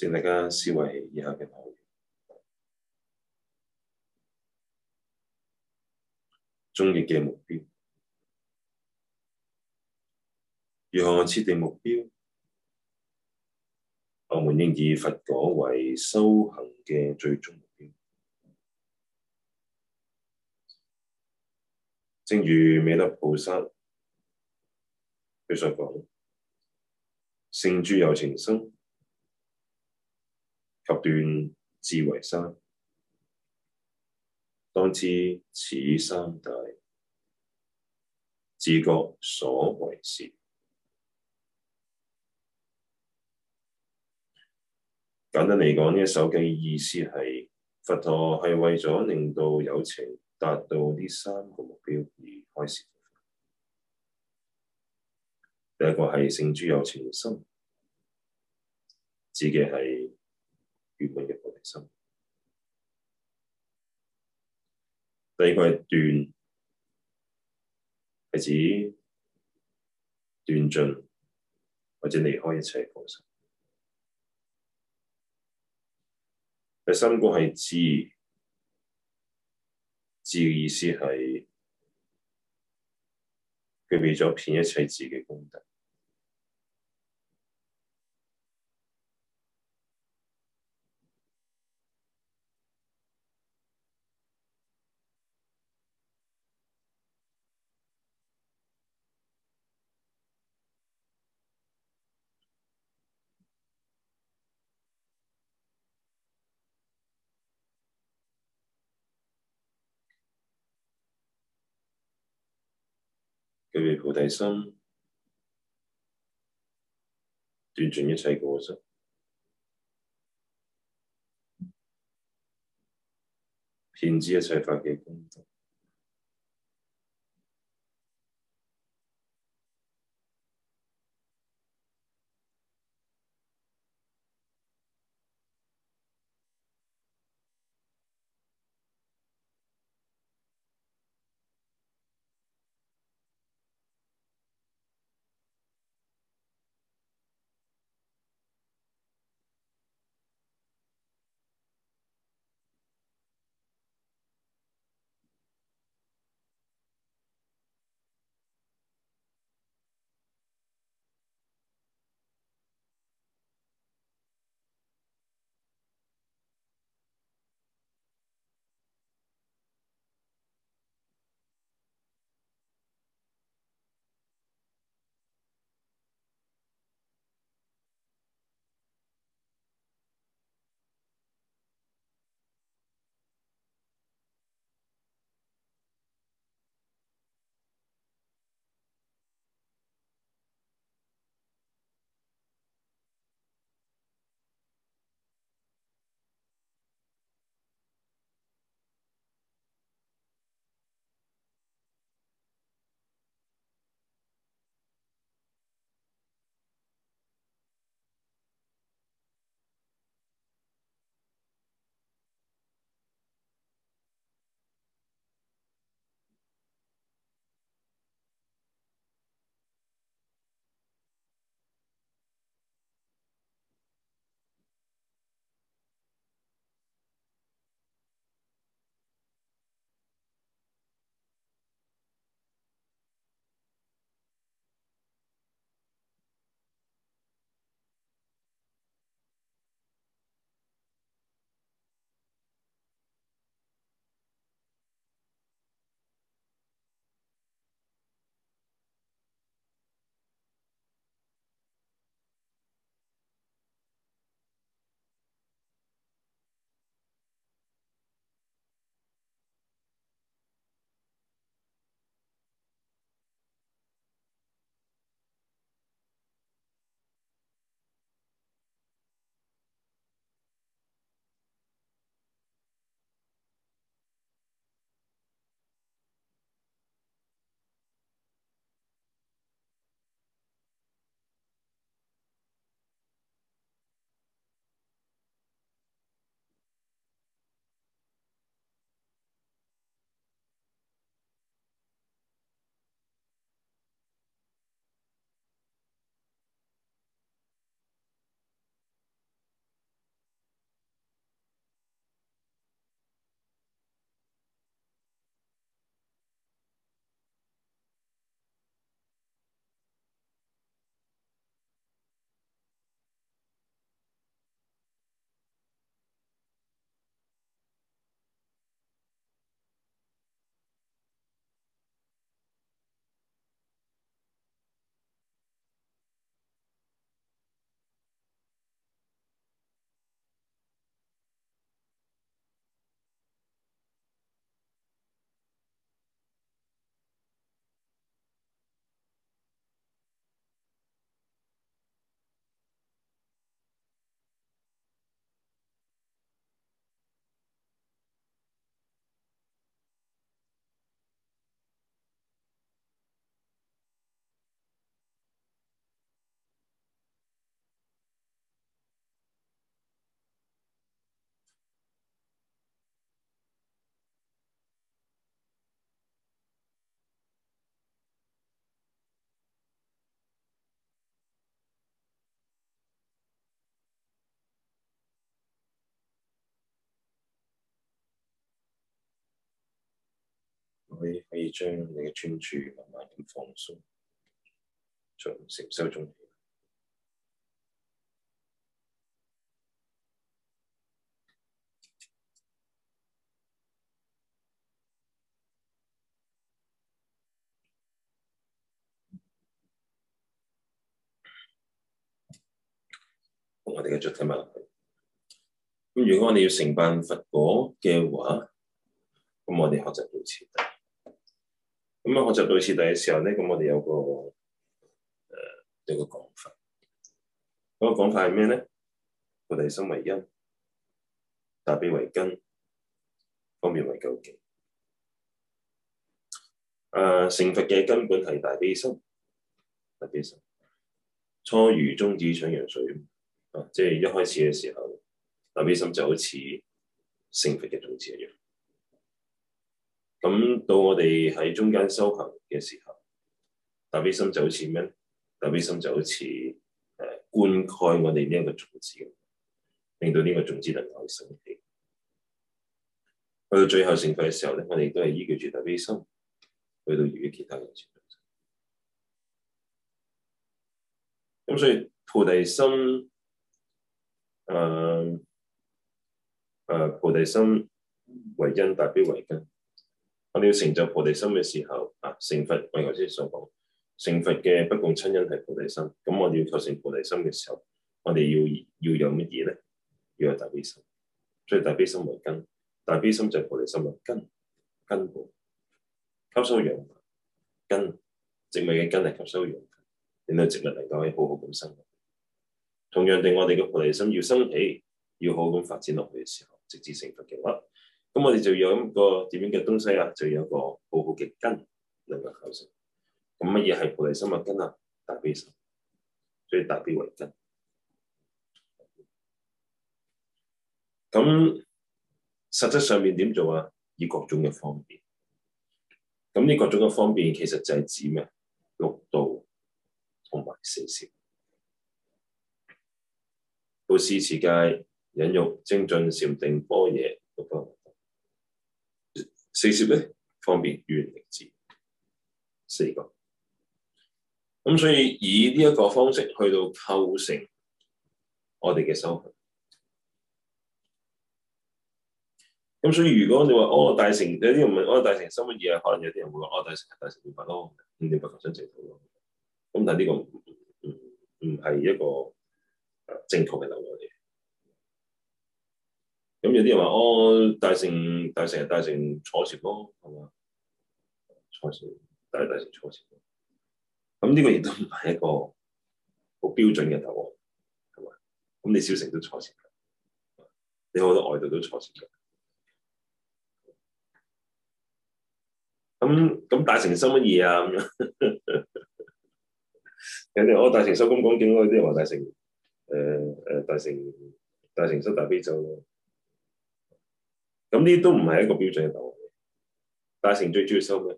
請大家思維以下嘅內容，終極嘅目標。如何設定目標？我們應以佛果為修行嘅最終目標。正如彌勒菩薩，佢所講，勝諸有情心。及斷智為三，當知此三大，自覺所為事。簡單嚟講，呢一首偈嘅意思係，佛陀係為咗令到有情達到呢三個目標而開示。第一個係勝諸有情心，指嘅係。圓滿嘅菩提心。第二個係斷，係指斷盡或者離開一切過失。第三個係智，智嘅意思係具備咗遍一切智嘅功德。具備菩提心，斷絕一切過失，遍知一切法嘅功德。以將你嘅專注慢慢咁放鬆，從承受中。我哋嘅坐姿問題。咁，如果我哋要承辦佛果嘅話，咁我哋學習到此。咁啊，學習對治第嘅時候咧，咁我哋有個誒一、呃、個講法，嗰、那個講法係咩咧？我哋心為因，大悲為根，方便為究竟。誒、呃，成佛嘅根本係大悲心，大悲心。初如種子長楊水。啊，即、就、係、是、一開始嘅時候，大悲心就好似成佛嘅種子一樣。咁到我哋喺中間修行嘅時候，大悲心就好似咩？大悲心就好似誒灌溉我哋呢一個種子，令到呢個種子能夠生起。去到最後成佛嘅時候咧，我哋都係依據住大悲心去到與其他人接觸。咁、嗯、所以菩提心，誒誒菩提心為因，大悲為根。我哋要成就菩提心嘅時候，啊，成佛，我哋頭先所講，成佛嘅不共親因係菩提心。咁我哋要求成菩提心嘅時候，我哋要要有乜嘢咧？要有大悲心，所以大悲心為根，大悲心就係菩提心為根，根本吸收養分，根植物嘅根係吸收養分，令到植物嚟講可以好好咁生長。同樣地，我哋嘅菩提心要生起，要好好咁發展落去嘅時候，直至成佛嘅話。咁我哋就有一個點樣嘅東西啊，就有一個好好嘅根能夠構成。咁乜嘢係菩提心物根啊？大悲心，所以大悲為根。咁實質上面點做啊？以各種嘅方便。咁呢各種嘅方便其實就係指咩？六度同埋四攝。布施、持戒、忍辱、精進、禪定、般若嗰四攝咧方便原力字，四個，咁所以以呢一個方式去到構成我哋嘅收，咁所以如果你話哦、嗯、大乘有啲唔係，我大乘收乜嘢啊？可能有啲人會話哦大乘係大乘五法咯，五點不求真制好咯，咁但係呢個唔唔係一個正確嘅道理。咁有啲人話哦，大成大成大成坐船咯，係嘛？坐船大大成坐船，咁呢個亦都唔係一個好標準嘅答案，係嘛？咁你小城都坐船，嘅，你好多外地都坐船。嘅。咁咁大城收乜嘢啊？咁樣肯定我大城收工講景嗰啲人話，大城誒誒大城大城收大啤酒。咁呢都唔係一個標準嘅答案嘅。大乘最主要收咩？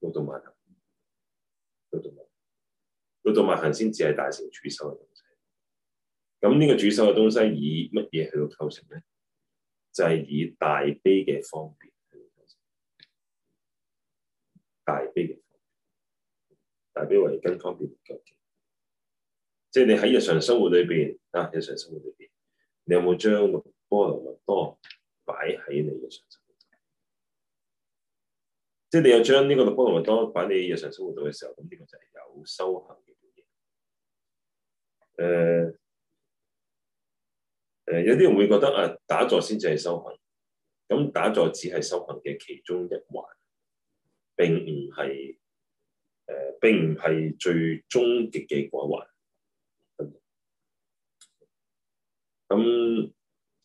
六度萬行，六度萬六度萬行先至係大乘主修嘅東西。咁呢個主修嘅東西以乜嘢去到構成咧？就係以大悲嘅方便，去到構成。大悲嘅方便。大悲為根，方便究竟。即係你喺日常生活裏邊啊，日常生活裏邊，你有冇將波羅蜜多？擺喺你嘅日常生活度，即係你又將呢個六波羅蜜多擺喺你日常生活度嘅時候，咁呢個就係有修行嘅嘢。誒、呃、誒、呃，有啲人會覺得啊，打坐先至係修行。咁打坐只係修行嘅其中一環，並唔係誒並唔係最終極嘅嗰一環。咁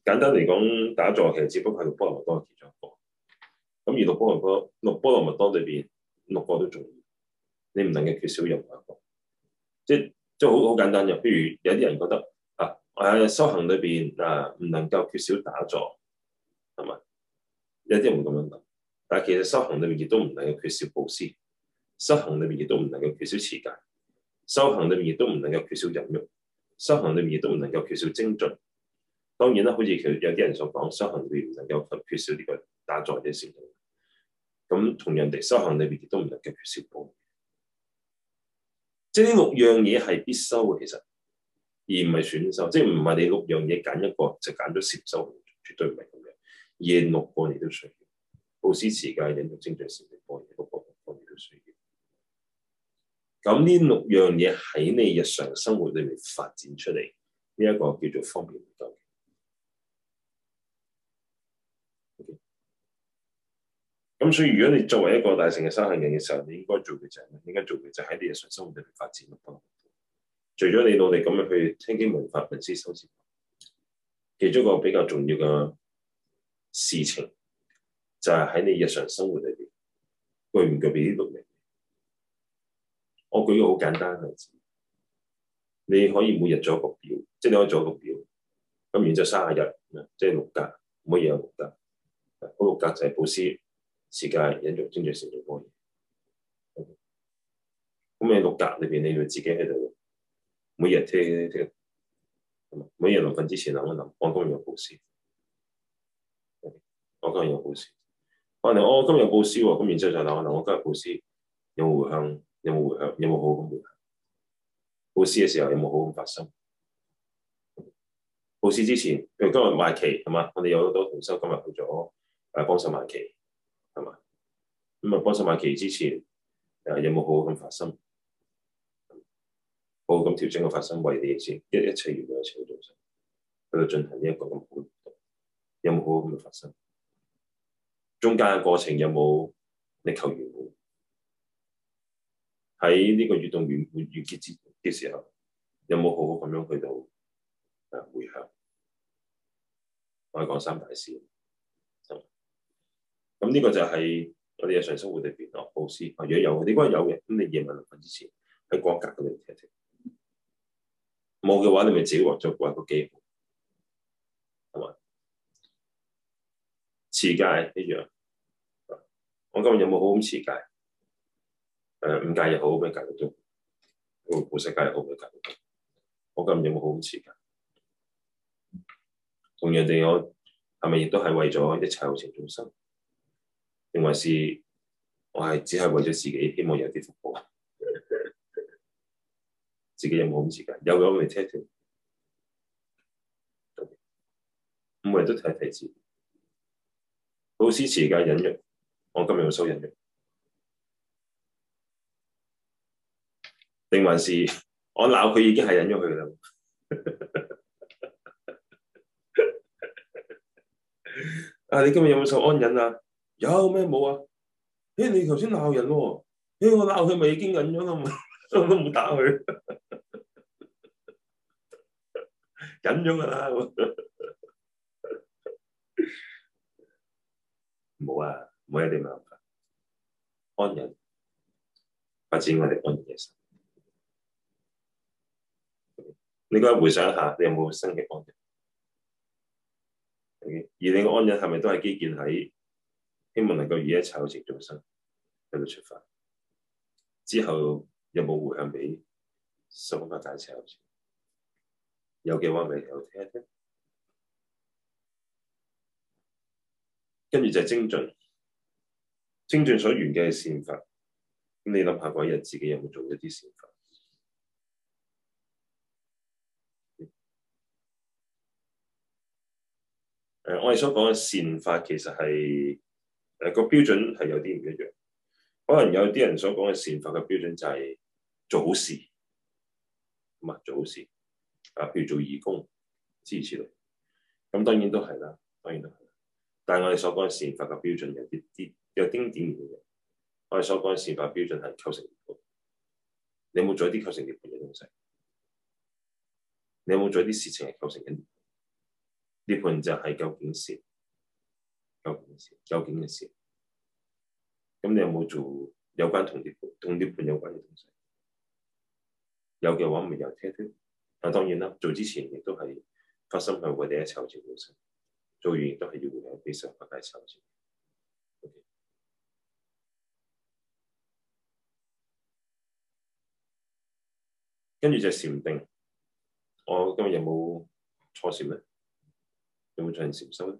簡單嚟講，打坐其實只不過係六波羅蜜多其中一個。咁而六波羅蜜多、六波羅蜜多裏邊六個都重要。你唔能夠缺少任何一個。即即都好好簡單嘅。譬如有啲人覺得啊，誒、啊、修行裏邊啊唔能夠缺少打坐，係咪？有啲人會咁樣諗，但係其實修行裏面亦都唔能夠缺少布施，修行裏面亦都唔能夠缺少持戒，修行裏面亦都唔能夠缺少忍辱，修行裏面亦都唔能，能夠缺少精進。當然啦，好似其實有啲人所講，修行裏面唔能夠缺少呢個打坐嘅事情。咁同人哋修行裏面亦都唔能夠缺少波，即係呢六樣嘢係必修嘅，其實而唔係選修。即係唔係你六樣嘢揀一個就揀咗攝修，絕對唔係咁樣。而六個你都需要，布施、持戒、忍辱、精進、攝受、愛，六個你都需要。咁呢六樣嘢喺你日常生活裏面發展出嚟，呢、這、一個叫做方便。咁所以如果你作為一個大乘嘅修行人嘅時候，你應該做嘅就係、是、咩？應該做嘅就喺你日常生活裏面發展咯。除咗你努力咁樣去聽經聞法、聞思修持，其中一個比較重要嘅事情，就係、是、喺你日常生活裏面具唔具備呢六樣？我舉個好簡單例子，你可以每日做一個表，即係你可以做一個表，咁然之後三十日，即係六格，每乜有六格，嗰六格就係布施。時間引住，專注守住多嘢。咁你六格裏邊，你咪自己喺度每日聽聽，聽，聽，每日臨瞓之前諗一諗，我今日有報銷，okay。我今日有報銷。可、哦、能我今日報銷喎，咁然之後就諗，可能我今日報銷有冇回向？有冇回向？有冇好咁回向？報銷嘅時候有冇好咁發生？Okay。報銷之前，譬如今日賣旗係嘛，我哋有好多同修，今日去咗幫手賣旗。係嘛？咁啊，八十萬期之前，誒，有冇好好咁發心？好好咁調整個發心，為你哋一來一切嘅運動員去做，去進行呢一個咁好嘅運動，有冇好好咁嘅發心？中間嘅過程有冇力求完滿，喺呢個運動員會完結嘅時候，有冇好好咁樣去到誒回向？我可以講三大事。咁呢、嗯，這個就係我哋日常生活裏邊學佈施。啊，如果有，你如果有嘅，咁你夜晚落班之前喺廣角嗰度聽一聽。冇嘅話，你咪自己獲得一個機會。係嘛？持戒一樣。我今日有冇好好持戒？誒、呃，五戒又好，咩戒都，布施戒又好，咩戒都。我今日有冇好好持戒？同樣哋我係咪亦都係為咗一切有情眾生？定還是我係只係為咗自己，希望有啲福報。 自己有冇咁時間？有嘅我未 check 完，咁我哋都睇提示。老師時間忍辱，我今日有收忍辱？定還是我鬧佢已經係忍辱佢啦。 啊！你今日有冇受安忍啊？有咩冇啊？嘿，你頭先鬧人喎，嘿，我鬧佢咪已經忍咗啦，我都冇打佢，忍咗噶啦。冇啊，冇一點矛盾。安忍發展我哋安忍嘅心，你應該回想一下，你有冇新嘅安忍？而你嘅安忍係咪都係基建喺？希望能夠以一切有情眾生喺度出發，之後有冇回向俾十方大千有情？有嘅話咪有聽一聽，跟住就係精進，精進所緣嘅係善法。咁你諗下嗰日自己有冇做一啲善法？誒、嗯，我哋所講嘅善法其實係。誒，個標準係有啲唔一樣，可能有啲人所講嘅善法嘅標準就係做好事，咁啊做好事啊，譬如做義工、支持類，咁當然都係啦，當然都係。但係我哋所講嘅善法嘅標準有啲啲有丁點唔一樣，我哋所講嘅善法標準係構成業，你有冇做啲構成業本嘅東西？你有冇做啲事情係構成緊呢判就係究竟善。究竟嘅事，究竟嘅事。咁你有冇做有關同啲同啲有關嘅東西？有嘅話，我咪有聽啲。但當然啦，做之前亦都係發心喺我哋嘅籌錢嘅上，做完亦都係要回應啲上各界籌錢。Okay. 跟住就係禪定。我今日有冇初禪呀？有冇進行禪修？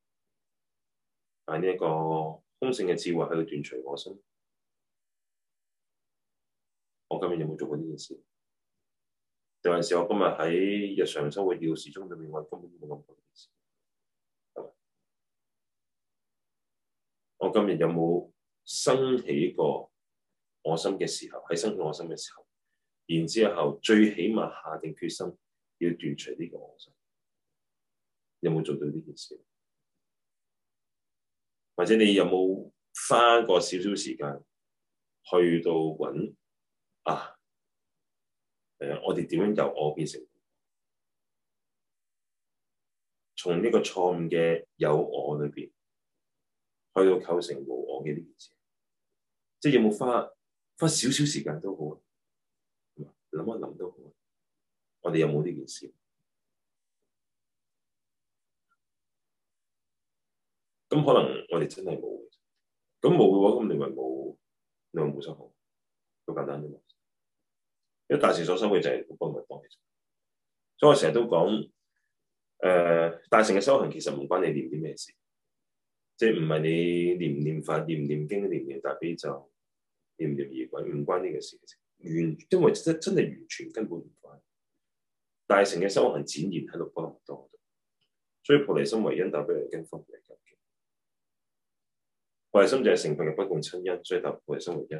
但呢一個空性嘅智慧喺度斷除我心。我今日有冇做過呢件事？有陣時我今日喺日常生活要事中裏面，我根本都冇諗過呢件事。我今日有冇生起過我心嘅時候？喺生起我心嘅時候，然之後最起碼下定決心要斷除呢個我心，有冇做到呢件事？或者你有冇花過少少時間去到揾啊？誒，我哋點樣由我變成從呢個錯誤嘅有我裏邊去到構成無我嘅呢件事？即係有冇花花少少時間都好啊？諗一諗都好啊！我哋有冇呢件事？咁可能我哋真係冇，咁冇嘅話，咁你咪冇，你咪冇修行。好簡單啫嘛。因為大乘所修嘅就係幫佢幫，所以我成日都講，誒、呃，大乘嘅修行其實唔關你念啲咩事，即係唔係你念唔念法、念唔念經、念唔念大悲咒、念唔念二鬼，唔關呢個事嘅。完，因為真真係完全根本唔關。大乘嘅修行展現喺度幫佢幫，所以菩提心為因，大悲心為果嚟。菩提心就係成分嘅不共親因，所以搭菩提心為因。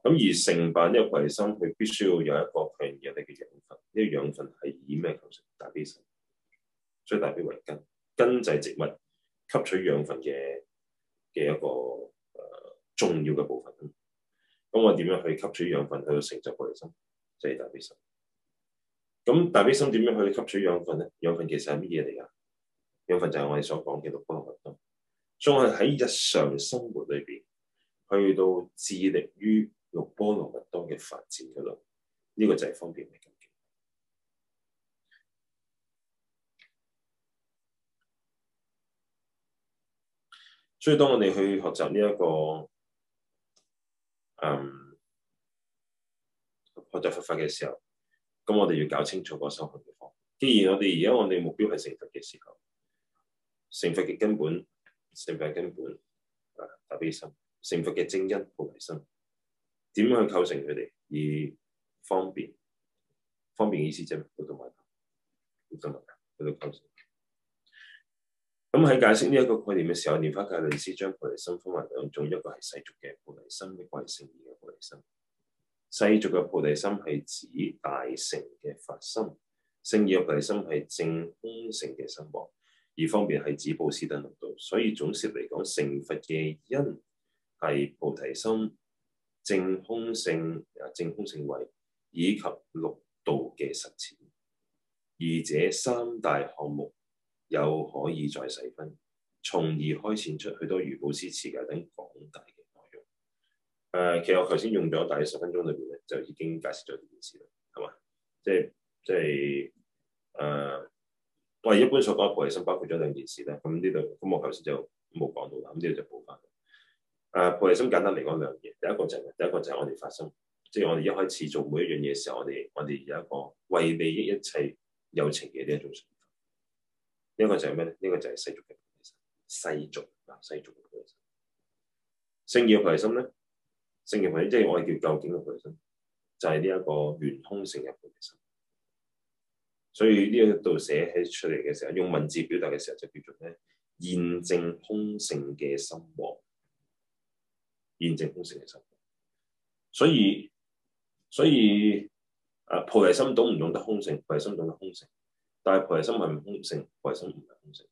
咁而成辦呢個菩提心，佢必須要有一個強有力嘅養分，呢個養分係以咩構成大悲心？所以大悲為根，根就係植物吸取養分嘅嘅一個誒、呃、重要嘅部分。咁我點樣去吸取養分去成就菩提心？即係大悲心。咁大悲心點樣去吸取養分咧？養分其實係乜嘢嚟噶？養分就係我哋所講嘅六波羅蜜。仲係喺日常生活裏邊，去到致力於六波羅蜜多嘅發展嗰度，呢、這個就係方便嚟咁嘅。所以當我哋去學習呢一個，嗯，學習佛法嘅時候，咁我哋要搞清楚個修行嘅方法。既然我哋而家我哋目標係成佛嘅時候，成佛嘅根本。成佛根本，啊，大悲心，成佛嘅正因菩提心，點樣去構成佢哋？而方便，方便意思即係嗰度埋。咁喺解釋呢一個概念嘅時候，蓮花戒論師將菩提心分為兩種，一個係世俗嘅菩提心，一個係勝義嘅菩提心。世俗嘅菩提心係指大乘嘅發心，勝義嘅菩提心係證空性嘅心王。而方便係指布施等六度，所以總攝嚟講，成佛嘅因係菩提心、證空性啊、證空性慧以及六度嘅實踐。而這三大項目又可以再細分，從而開展出許多如布施、持戒等廣大嘅內容。誒、呃，其實我頭先用咗大概十分鐘裏邊咧，就已經解釋咗呢件事啦，係嘛？即係即係誒。呃我一般所講嘅菩提心包括咗兩件事咧，咁呢度咁我頭先就冇講到啦，咁呢度就補翻。誒，菩提心簡單嚟講兩嘢，第一個就係第一個就係我哋發心，即係我哋一開始做每一樣嘢時候，我哋我哋有一個為利益一切有情嘅呢一種想法。呢個就係咩咧？呢個就係世俗嘅菩提心，世俗啊，世俗嘅菩提心。聖義嘅菩提心咧，聖義嘅菩提心即係我哋叫究竟嘅菩提心，就係呢一個圓空性嘅菩提心。所以呢一度寫起出嚟嘅時候，用文字表達嘅時候，就叫做咩？現證空性嘅心王，現證空性嘅心王。所以，所以，誒菩提心懂唔懂得空性？菩提心懂得空性，但係菩提心係唔空性，菩提心唔係空性。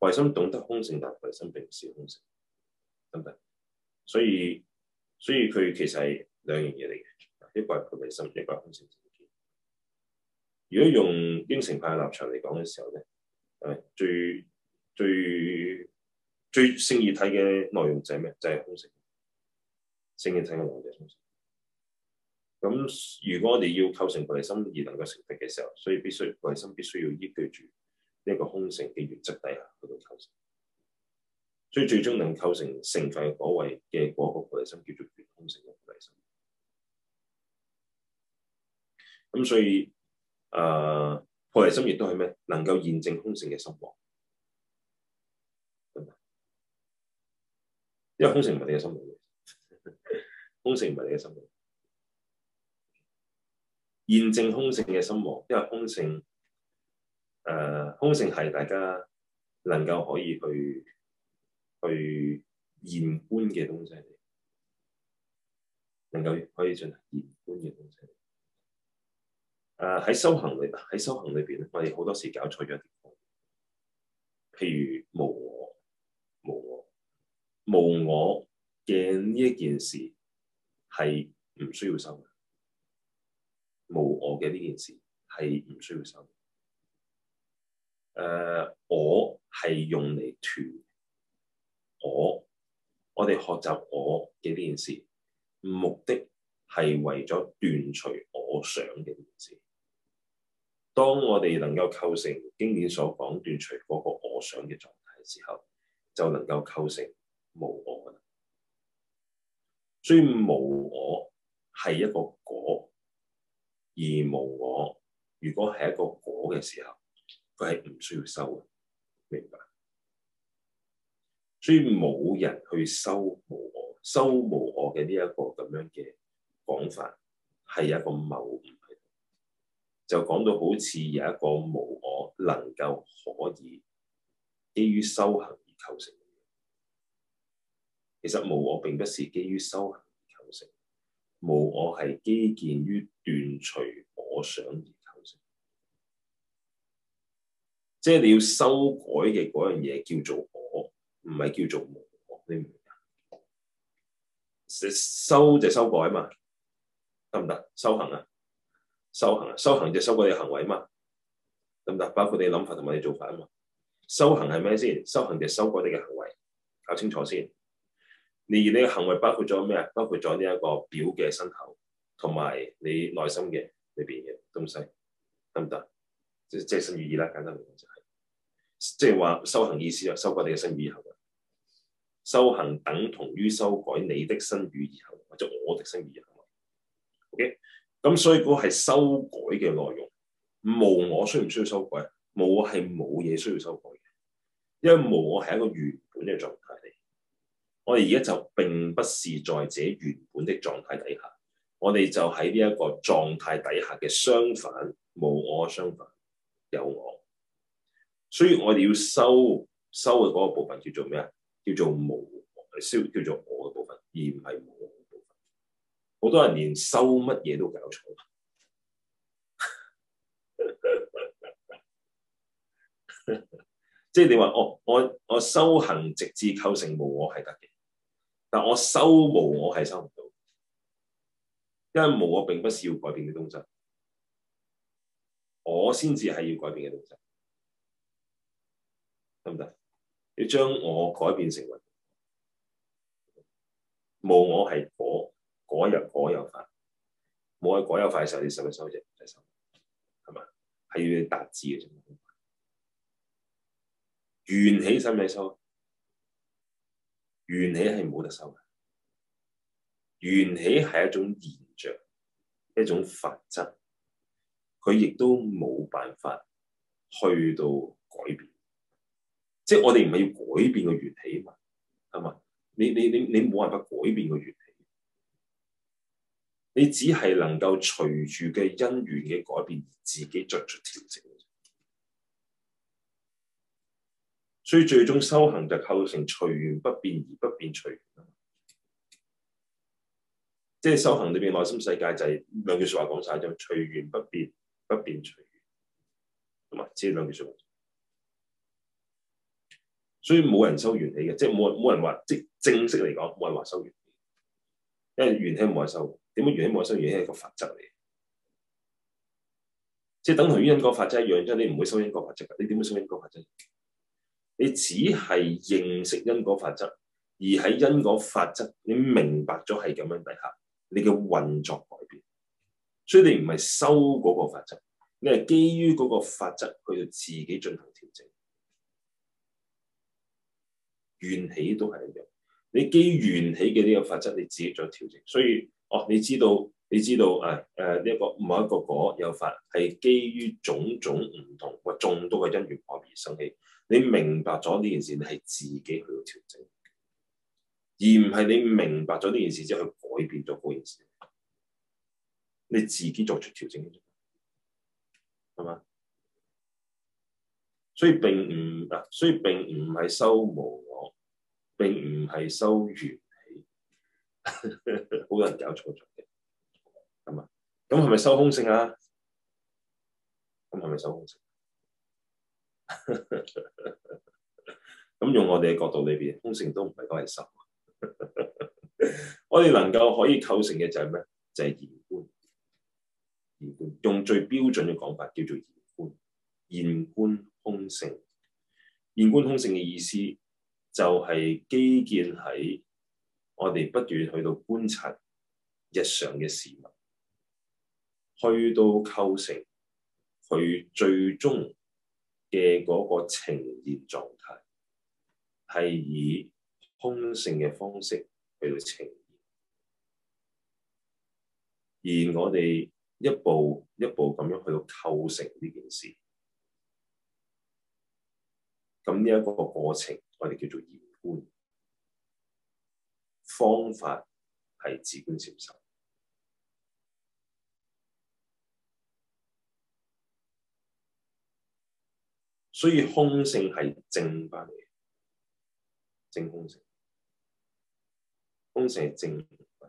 菩提心懂得空性，但係菩提心並唔是空性，得唔得？所以，所以佢其實係兩樣嘢嚟嘅，一個係菩提心，一個係空性。如果用應成派嘅立場嚟講嘅時候咧，誒最最最勝義體嘅內容就係咩？就係、是、空性。勝義體嘅內容就係空性。咁如果我哋要構成菩提心而能夠成佛嘅時候，所以必須菩提心必須要依據住呢個空性嘅原則底下去到構成。所以最終能構成成佛嘅果位嘅嗰個菩提心叫做原空性嘅菩提心。咁所以。誒破壞心亦都係咩？能夠現證空性嘅心王。因為空性唔係你嘅心王， 空性唔係你嘅心王，現證空性嘅心王，因為空性誒，uh, 空性係大家能夠可以去去現觀嘅東西，能夠可以進行現觀嘅東西。誒，喺、uh, 修行裏喺修行裏邊咧，我哋好多時搞錯咗啲嘢。譬如無我無我無我嘅呢一件事係唔需要修嘅。無我嘅呢件事係唔需要修嘅。誒，我係、uh, 用嚟斷我，我哋學習我嘅呢件事，目的係為咗斷除我想嘅呢件事。當我哋能夠構成經典所講斷除嗰個我想嘅狀態嘅時候，就能夠構成無我。所以無我係一個果，而無我如果係一個果嘅時候，佢係唔需要修嘅，明白？所以冇人去修無我，修無我嘅呢、這個、一個咁樣嘅講法係一個謬誤。就講到好似有一個無我能夠可以基於修行而構成。其實無我並不是基於修行而構成，無我係基建於斷除我想而構成。即係你要修改嘅嗰樣嘢叫做我，唔係叫做無我。你明唔明啊？修就修改啊嘛，得唔得？修行啊？修行，修行就修改你嘅行為啊嘛，得唔得？包括你嘅諗法同埋你做法啊嘛。修行係咩先？修行就修改你嘅行為，搞清楚先。你而你嘅行為包括咗咩啊？包括咗呢一個表嘅身口，同埋你內心嘅裏邊嘅東西，得唔得？即係身語意啦，簡單嚟講就係、是，即係話修行意思就修改你嘅身語意行為啊。修行等同於修改你的身語意行為，或者我的身語意行為，OK。咁所以嗰個係修改嘅內容，無我需唔需要修改？無我係冇嘢需要修改嘅，因為無我係一個原本嘅狀態嚟。我哋而家就並不是在自己原本的狀態底下，我哋就喺呢一個狀態底下嘅相反，無我相反有我，所以我哋要修修嘅嗰個部分叫做咩啊？叫做無我，叫做我嘅部分，而唔係。好多人連修乜嘢都搞錯，即係你話哦，我我，我修行直至構成無我係得嘅，但我修無我係修唔到，因為無我並不是要改變嘅東西，我先至係要改變嘅東西，得唔得？你將我改變成為無我係我改有果有法，冇喺果有法嘅時候你收唔收啫，唔使收。係嘛？係要你達知嘅啫。緣起收咪收，緣起係冇得收嘅。緣起係一種現象，一種法則，佢亦都冇辦法去到改變。即係我哋唔係要改變個緣起嘛，係嘛？你你你你冇辦法改變個緣。你只係能夠隨住嘅因緣嘅改變，而自己作出調整。所以最終修行就構成隨緣不變，而不變隨緣。即係修行裏面內心世界就係、是、兩句說話講晒就隨緣不變，不變隨緣。同埋，只係兩句說話。所以冇人修緣起嘅，即係冇人冇人話即正式嚟講冇人話修緣起，因為緣起冇人修。點樣緣起冇收，緣起係一個法則嚟，即係等同因果法則一樣，即你唔會收因果法則噶，你點會收因果法則？你只係認識因果法則，而喺因果法則你明白咗係咁樣底下，你嘅運作改變，所以你唔係收嗰個法則，你係基於嗰個法則去到自己進行調整。緣起都係一樣，你基於緣起嘅呢個法則，你自己再調整，所以。哦、你知道，你知道，啊，誒、呃、呢一個某一個果有法，係基於種種唔同或眾多嘅因緣果而生起。你明白咗呢件事，你係自己去調整，而唔係你明白咗呢件事之後去改變咗嗰件事。你自己作出調整，係嘛？所以並唔啊，所以並唔係修無我，並唔係修緣。好 多人搞錯咗嘅，咁啊，咁係咪修空性啊？咁係咪修空性？咁 用我哋嘅角度裏邊，空性都唔係講係修。 我哋能夠可以修成嘅就係咩？就係現觀，現觀用最標準嘅講法叫做現觀，現觀空性，現觀空性嘅意思就係基建喺。我哋不斷去到觀察日常嘅事物，去到構成佢最終嘅嗰個呈現狀態，係以空性嘅方式去到呈現。而我哋一步一步咁樣去到構成呢件事，咁呢一個過程，我哋叫做研觀。方法係自觀接受，所以空性係正法嚟嘅，正空性，空性係正法，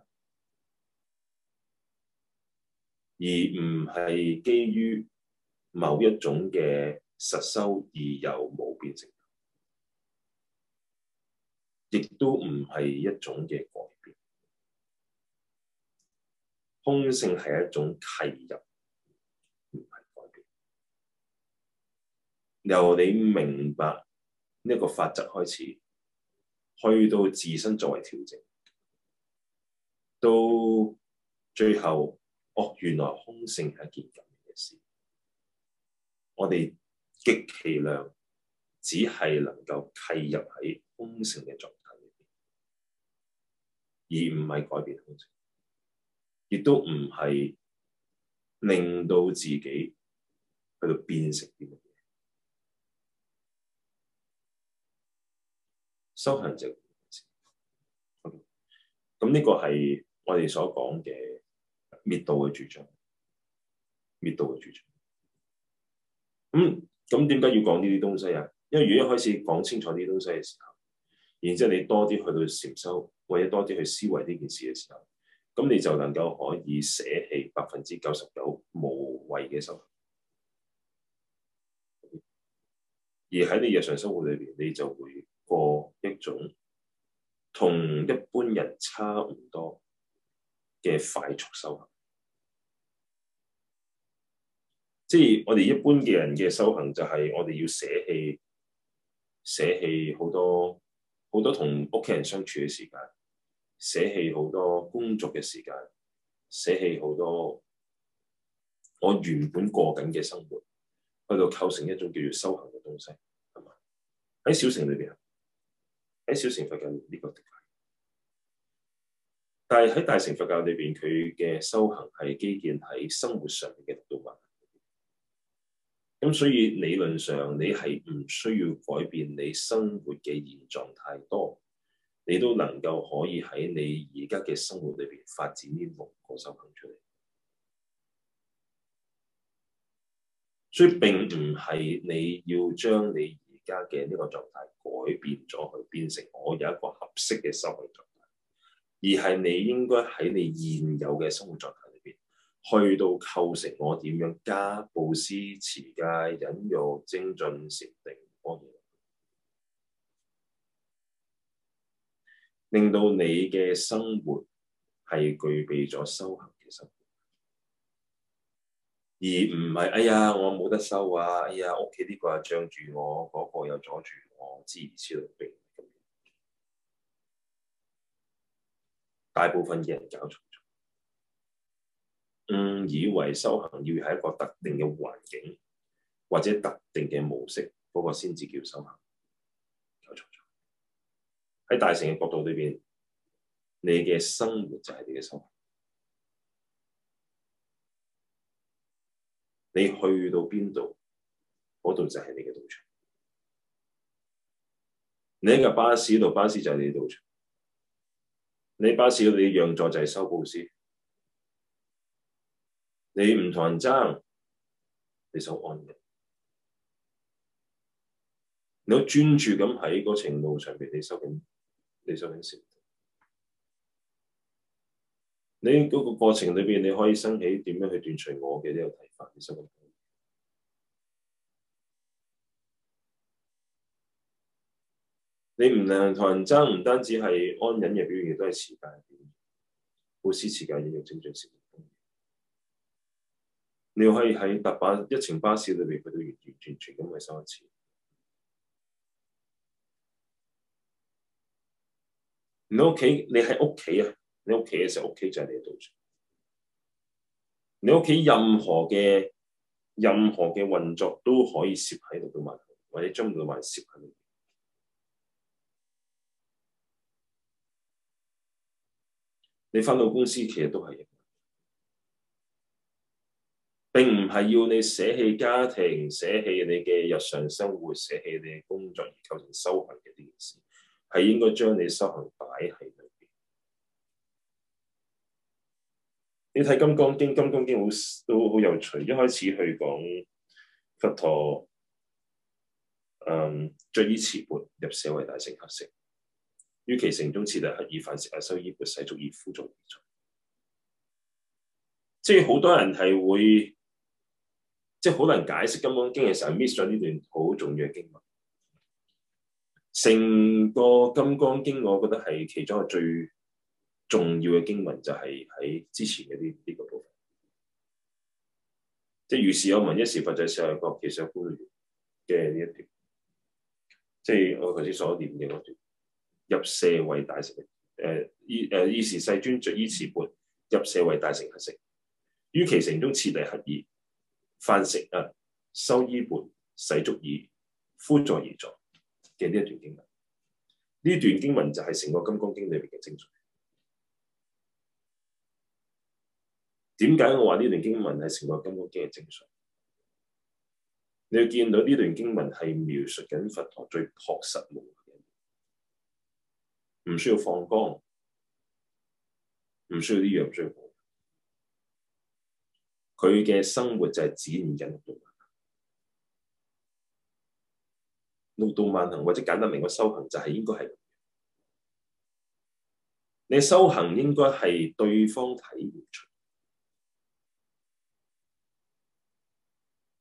而唔係基於某一種嘅實修而有冇變成。亦都唔係一種嘅改變，空性係一種契入，唔係改變。由你明白呢個法則開始，去到自身作為調整，到最後哦，原來空性係一件咁嘅事。我哋極其量只係能夠契入喺空性嘅狀態。而唔係改變環境，亦都唔係令到自己去到變成啲乜嘢，修行就係。咁、okay。呢個係我哋所講嘅滅道嘅主張，滅道嘅主張。咁咁點解要講呢啲東西啊？因為如果一開始講清楚呢啲東西嘅時候，然之後你多啲去到禪修，或者多啲去思維呢件事嘅時候，咁你就能夠可以捨棄百分之九十九無謂嘅修行，而喺你日常生活裏邊，你就會過一種同一般人差唔多嘅快速修行。即係我哋一般嘅人嘅修行，就係我哋要捨棄捨棄好多好多同屋企人相處嘅時間。捨棄好多工作嘅時間，捨棄好多我原本過緊嘅生活，去到構成一種叫做修行嘅東西，係嘛？喺小乘裏邊，喺小乘佛教呢個地方，但係喺大乘佛教裏邊，佢嘅修行係基建喺生活上面嘅度化。咁所以理論上，你係唔需要改變你生活嘅現狀太多。你都能夠可以喺你而家嘅生活裏邊發展呢個個修行出嚟，所以並唔係你要將你而家嘅呢個狀態改變咗，去變成我有一個合適嘅生活狀態，而係你應該喺你現有嘅生活狀態裏邊，去到構成我點樣加布施、持戒、忍辱、精進、禪定、安住。令到你嘅生活係具備咗修行嘅生活，而唔係哎呀我冇得修啊！哎呀屋企呢個係障住我，嗰、那個又阻住我，諸如此類別。大部分嘅人搞錯咗，誤、嗯、以為修行要係一個特定嘅環境或者特定嘅模式，嗰、那個先至叫修行。喺大乘嘅角度裏邊，你嘅生活就係你嘅生活。你去到邊度，嗰度就係你嘅道場。你喺個巴士度，巴士就係你嘅道場。你巴士，你讓座就係修布施。你唔同人爭，你修安忍。你好專注咁喺嗰程度上邊，你修緊。你想點先？你嗰個過程裏邊，你可以生起點樣去斷除我嘅呢個睇法？你唔能同人爭，唔單止係安忍嘅表現，亦都係持戒，布施持戒，應用精進時間。你可以喺搭巴一程巴士裏邊，佢都完完全全咁去收一次。你屋企，你喺屋企啊！你屋企嘅時候，屋企就係你嘅道場。你屋企任何嘅任何嘅運作都可以攝喺度嘅問題，或者將個問題攝喺度。你返到公司其實都係一樣，並唔係要你捨棄家庭、捨棄你嘅日常生活、捨棄你嘅工作而構成修行嘅呢件事。係應該將你修行擺喺裏邊。你睇《金剛經》，《金剛經》好都好有趣，一開始去講佛陀，嗯，着衣持缽入舍衛大城乞食，於其城中，次第乞已飯食，阿收衣缽洗足而敷坐。即係好多人係會，即係好難解釋《金剛經》嘅時候，miss 咗呢段好重要嘅經文。成個《金剛經》，我覺得係其中一個最重要嘅經文，就係、係、喺之前嘅啲呢個部分。即如是有聞，一時佛在世，制社有國其受官員嘅呢一段，即我頭先所念嘅嗰段。入社為大成，誒意誒意時世尊着衣持缽，入社為大成合成于成合成。於其城中，次第乞已，飯食啊，收衣缽，洗足已，敷座而坐。.嘅呢一段經文，呢段經文就係成個金剛經裏邊嘅精髓。點解我話呢段經文係成個金剛經嘅精髓？你要見到呢段經文係描述緊佛陀最樸實無華嘅，唔需要放光，唔需要啲藥，唔需要補，佢嘅生活就係展現緊。六度萬行或者簡單明個修行就係、是、應該係，你修行應該係對方睇唔出。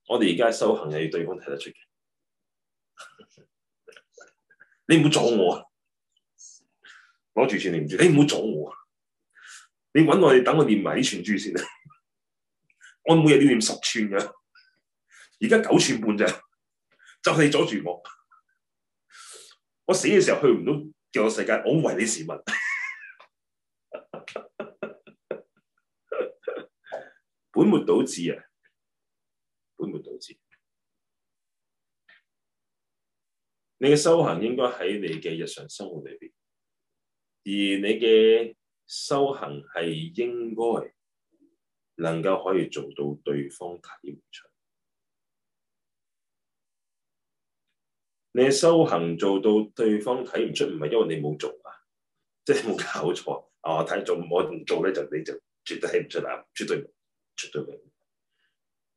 我哋而家修行係要對方睇得出嘅， 你唔好阻我啊！攞住串念珠，誒唔好阻我啊！你搵我，你等我念埋呢串珠先啊！ 我每日要念十串噶，寸而家九串半咋，就係、是、阻住我。我死嘅時候去唔到極樂世界，我為你釋問， 本末倒置啊！本末倒置，你嘅修行應該喺你嘅日常生活裏邊，而你嘅修行係應該能夠可以做到對方體驗出。你修行做到對方睇唔出，唔係因為你冇做啊，即係冇搞錯啊！我睇、哦、做，我唔做咧，就你就絕對睇唔出啦，絕對絕對嘅。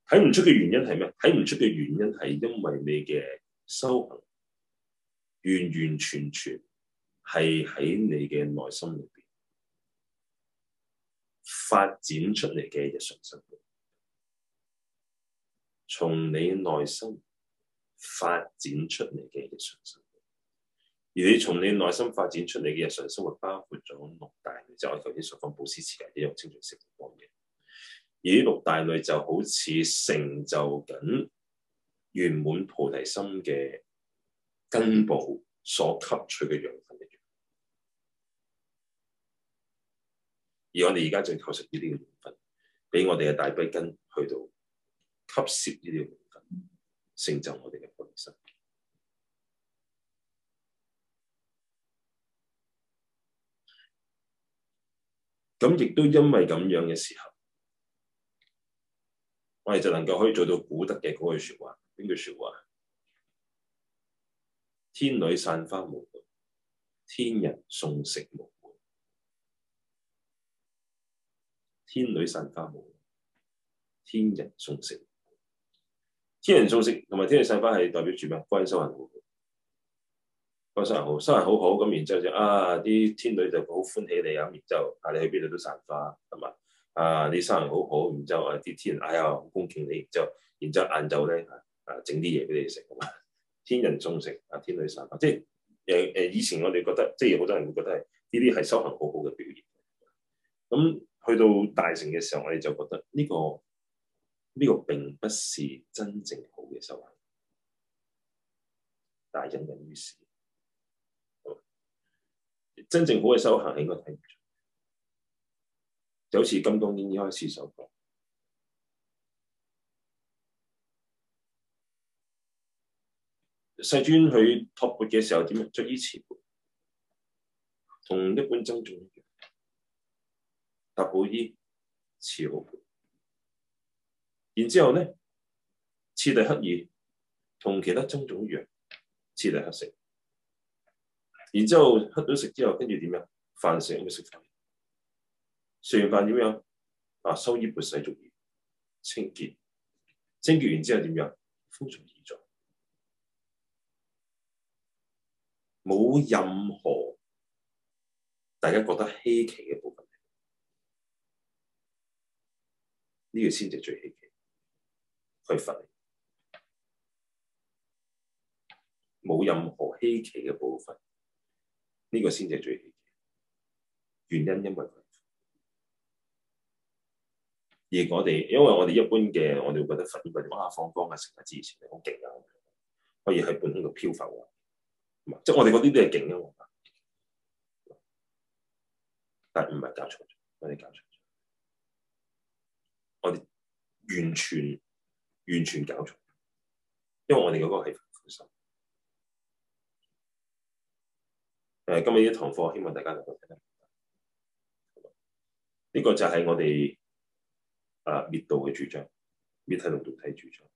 睇唔出嘅原因係咩？睇唔出嘅原因係因為你嘅修行完完全全係喺你嘅內心裏邊發展出嚟嘅日常生活，從你內心。發展出嚟嘅日常生活，而你從你內心發展出嚟嘅日常生活，包括咗六大類，就我頭先所講布施、持戒呢種清淨生活嘅。而呢六大類就好似成就緊圓滿菩提心嘅根部所吸取嘅養分一樣。而我哋而家正求實呢啲嘅養分，俾我哋嘅大悲根去到吸攝呢啲。成就我哋嘅本身。咁亦都因為咁樣嘅時候，我哋就能夠可以做到古德嘅嗰句說話。邊句說話？天女散花無門，天人送食無門。天女散花無門，天人送食。天人送食同埋天人散花，係代表住咩？啊關心人好，關心人好，修行好好咁，然之後就啊啲天女就好歡喜你啊，然之後啊你去邊度都散花，係嘛？啊你生人好好，然之後啊啲天、啊、天人哎呀好恭敬你，然之後，然之後晏晝咧啊整啲嘢俾你食，嗯，天人送食啊天女散花，即係誒誒以前我哋覺得，即係好多人會覺得係呢啲係修行好好嘅表現。咁去到大乘嘅時候，我哋就覺得呢、這個。呢個並不是真正好嘅修行，但係隱隱於市。真正好嘅修行應該睇唔出，就好似金剛經啱開始所講，世尊去托缽嘅時候點樣著衣持缽？同一般僧眾一樣，搭衣持缽好。然之後咧，次第乞已，同其他僧眾一樣，次第乞食。然之後乞咗食之後，跟住點樣？飯食咁食飯，食完飯點樣？啊，收衣缽洗足已，清潔。清潔完之後點樣？敷座而坐，冇任何大家覺得稀奇嘅部分。呢個先至最稀奇。去佛，冇任何稀奇嘅部分，呢、這個先至最稀奇。原因因為我而我哋，因為我哋一般嘅，我哋會覺得佛呢個哇放光啊，成日支持好勁啊，可以喺半空度漂浮，唔即係我哋嗰啲都係勁啊，但係唔係搞錯，我哋搞錯，我哋完全。完全搞錯，因為我哋嗰個係苦修。今日呢一堂課，希望大家能夠睇得明白，呢、這個就係我哋誒滅道嘅主張，滅諦同道諦主張。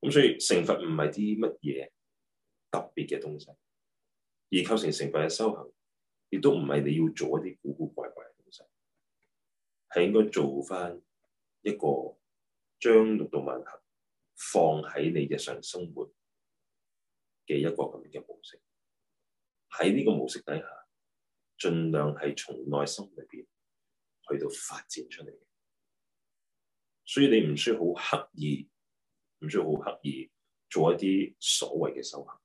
咁、嗯、所以成佛唔係啲乜嘢特別嘅東西，而構成成佛嘅修行，亦都唔係你要做一啲古古怪怪嘅東西，係應該做翻一個。將六度萬行放喺你日常生活嘅一個咁嘅模式，喺呢個模式底下，盡量係從內心裏邊去到發展出嚟。所以你唔需要好刻意，唔需要好刻意做一啲所謂嘅修行，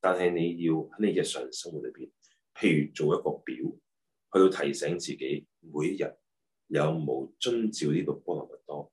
但係你要喺你日常生活裏邊，譬如做一個表，去到提醒自己每一日有冇遵照呢個波羅蜜多。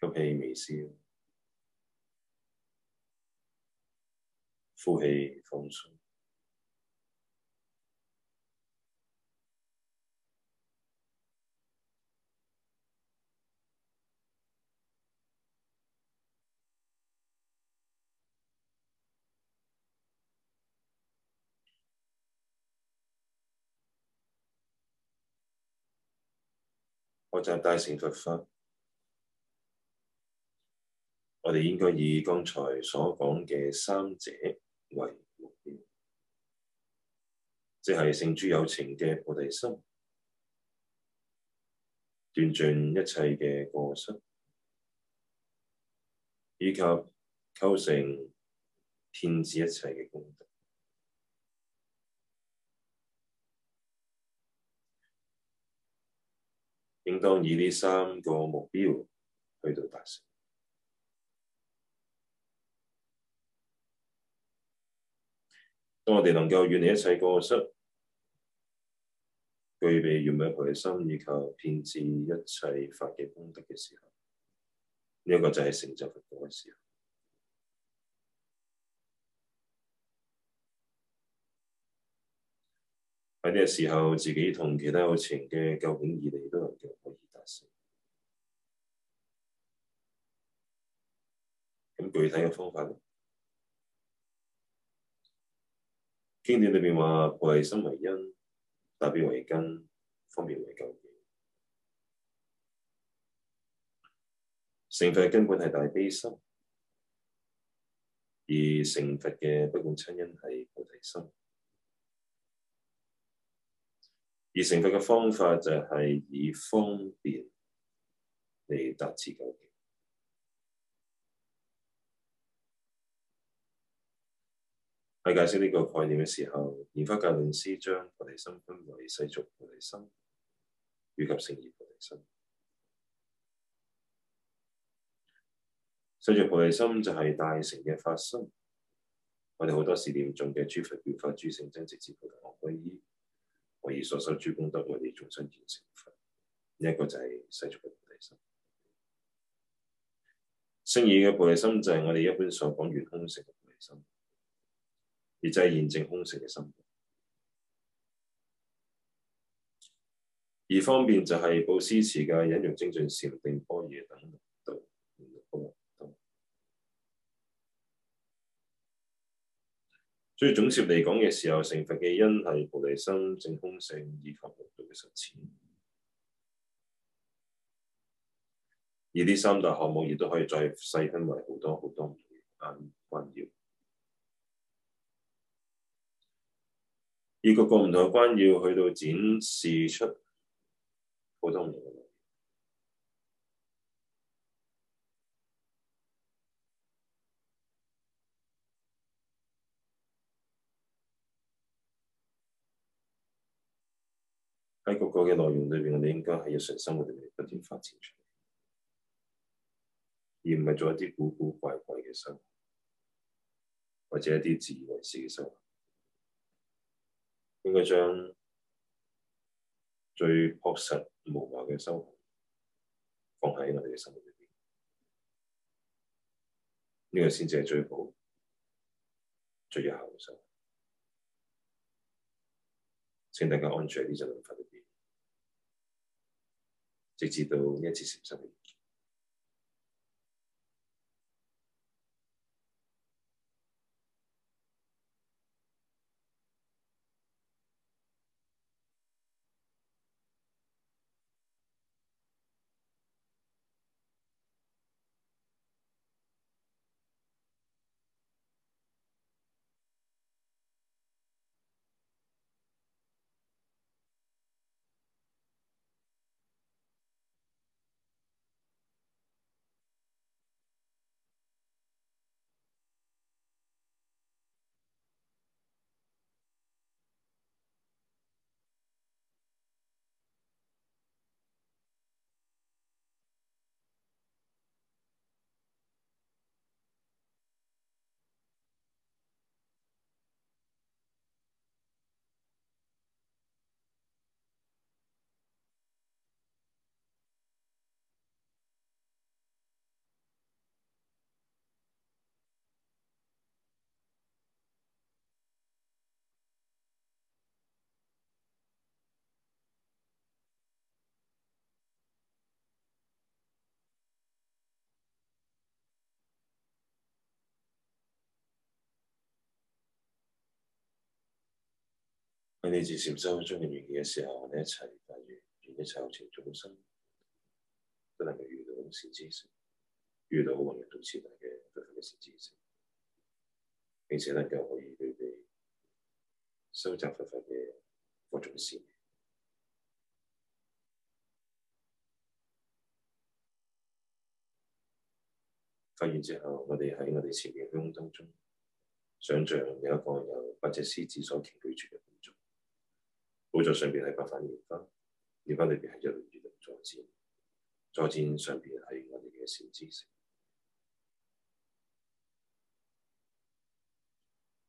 吸氣微笑，呼氣放鬆。我就大乘佛法。我哋應該以剛才所講嘅三者為目標，即係勝諸有情嘅菩提心、斷盡一切嘅過失，以及構成遍知一切嘅功德，應當以呢三個目標去到達成。當我哋能夠遠離一切過失，具備圓滿菩提心，以及遍知一切法嘅功德嘅時候，呢、這、一個就係成就佛果嘅時候。喺呢個時候，自己同其他有情嘅究竟義利都能夠可以達成。咁具體嘅方法呢？經典裏面話菩提心為因，大悲為根，方便為究竟。成佛嘅根本係大悲心，而成佛嘅不共親因係菩提心，而成佛嘅方法就係以方便嚟達至究竟。喺解釋呢個概念嘅時候，蓮花戒論師將菩提心分為世俗菩提心以及勝義菩提心。世俗菩提心就係大乘嘅發心，我哋好多時念中嘅諸佛妙法諸聖真，直至菩提，可以可以所修諸功德為生完成，我哋重新現成佛。一個就係世俗嘅菩提心，勝義嘅菩提心就係我哋一般所講圓空性嘅菩提心。而就係現證空性嘅心，而方便就係布施持戒忍辱精進、禪定般若等等。所以總攝嚟講嘅時候，成佛嘅因係菩提心、證空性以及六度嘅實踐。而呢三大項目亦都可以再細分為好多好多唔同嘅關要。而個個唔同嘅關要去到展示出普通人嘅嘢，喺個個嘅內容裏邊，我哋應該喺日常生活裏面不斷發展出嚟，而唔係做一啲古古怪怪嘅生活，或者一啲自以為是嘅生活。應該將最樸實無華嘅生活放喺我哋嘅生活裏邊，呢個先至係最好、最有效嘅生活。請大家安住喺呢種論法裏邊，直至到呢一次嘅實驗。你自善修中嘅遇見嘅時候，我哋一齊帶住，與一切有情眾生都能夠遇到善知識，遇到好，遇到次第嘅佛法嘅善知識，並且能夠可以對你收集佛法嘅各種善念。發現之後，我哋喺我哋前面虛空當中，想像有一個有八隻獅子所凝聚住嘅建築。輔助上邊係百份二分，二分裏邊係一輪一輪月輪，月輪上邊係我哋嘅善知識，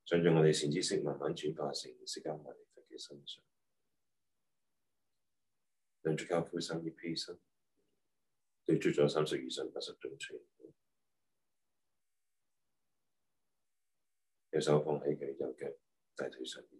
想將我哋善知識慢慢轉化成，釋迦喺我哋嘅身上。兩注靠灰衫衣披身，對住咗三十以上八十種寸，右手放喺佢右腳大腿上邊。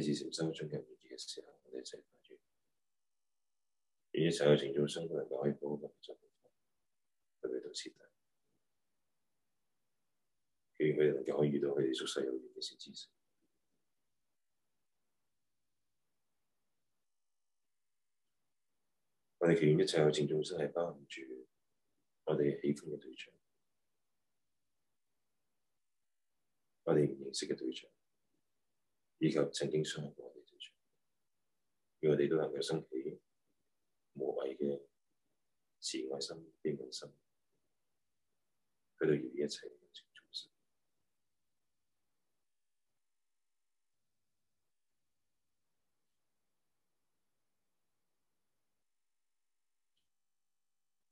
啲慈善收進入會議嘅時候，我哋一齊關注。願一切有情眾生都能夠可以保護環境，特別到此地，祈願佢哋能夠可以遇到佢哋宿世有緣嘅善知識。我哋祈願一切有情眾生係包含住我哋喜歡嘅對象，我哋認識嘅對象。以及曾經傷害過我哋嘅，因為我哋都能夠升起無畏嘅慈愛心、悲憫心，喺度與一切人情共生，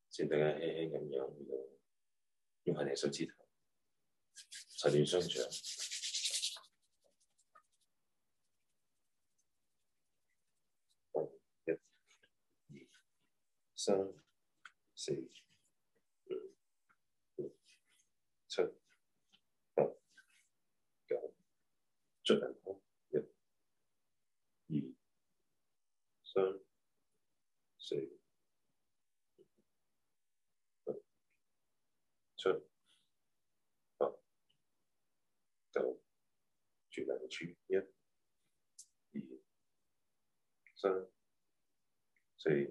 先等下輕輕咁樣去到用平衡手指頭順序相長。三、四、五、六、七、八、九、轉行一、二、三、四、五六、七、八、九、轉行一、二、三、四。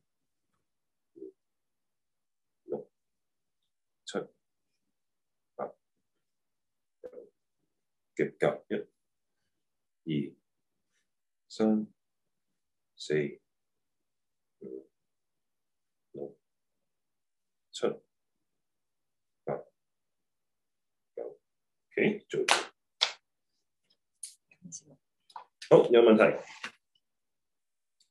夾夾一、二、三、四、五、六、七、八、九。好，有問題。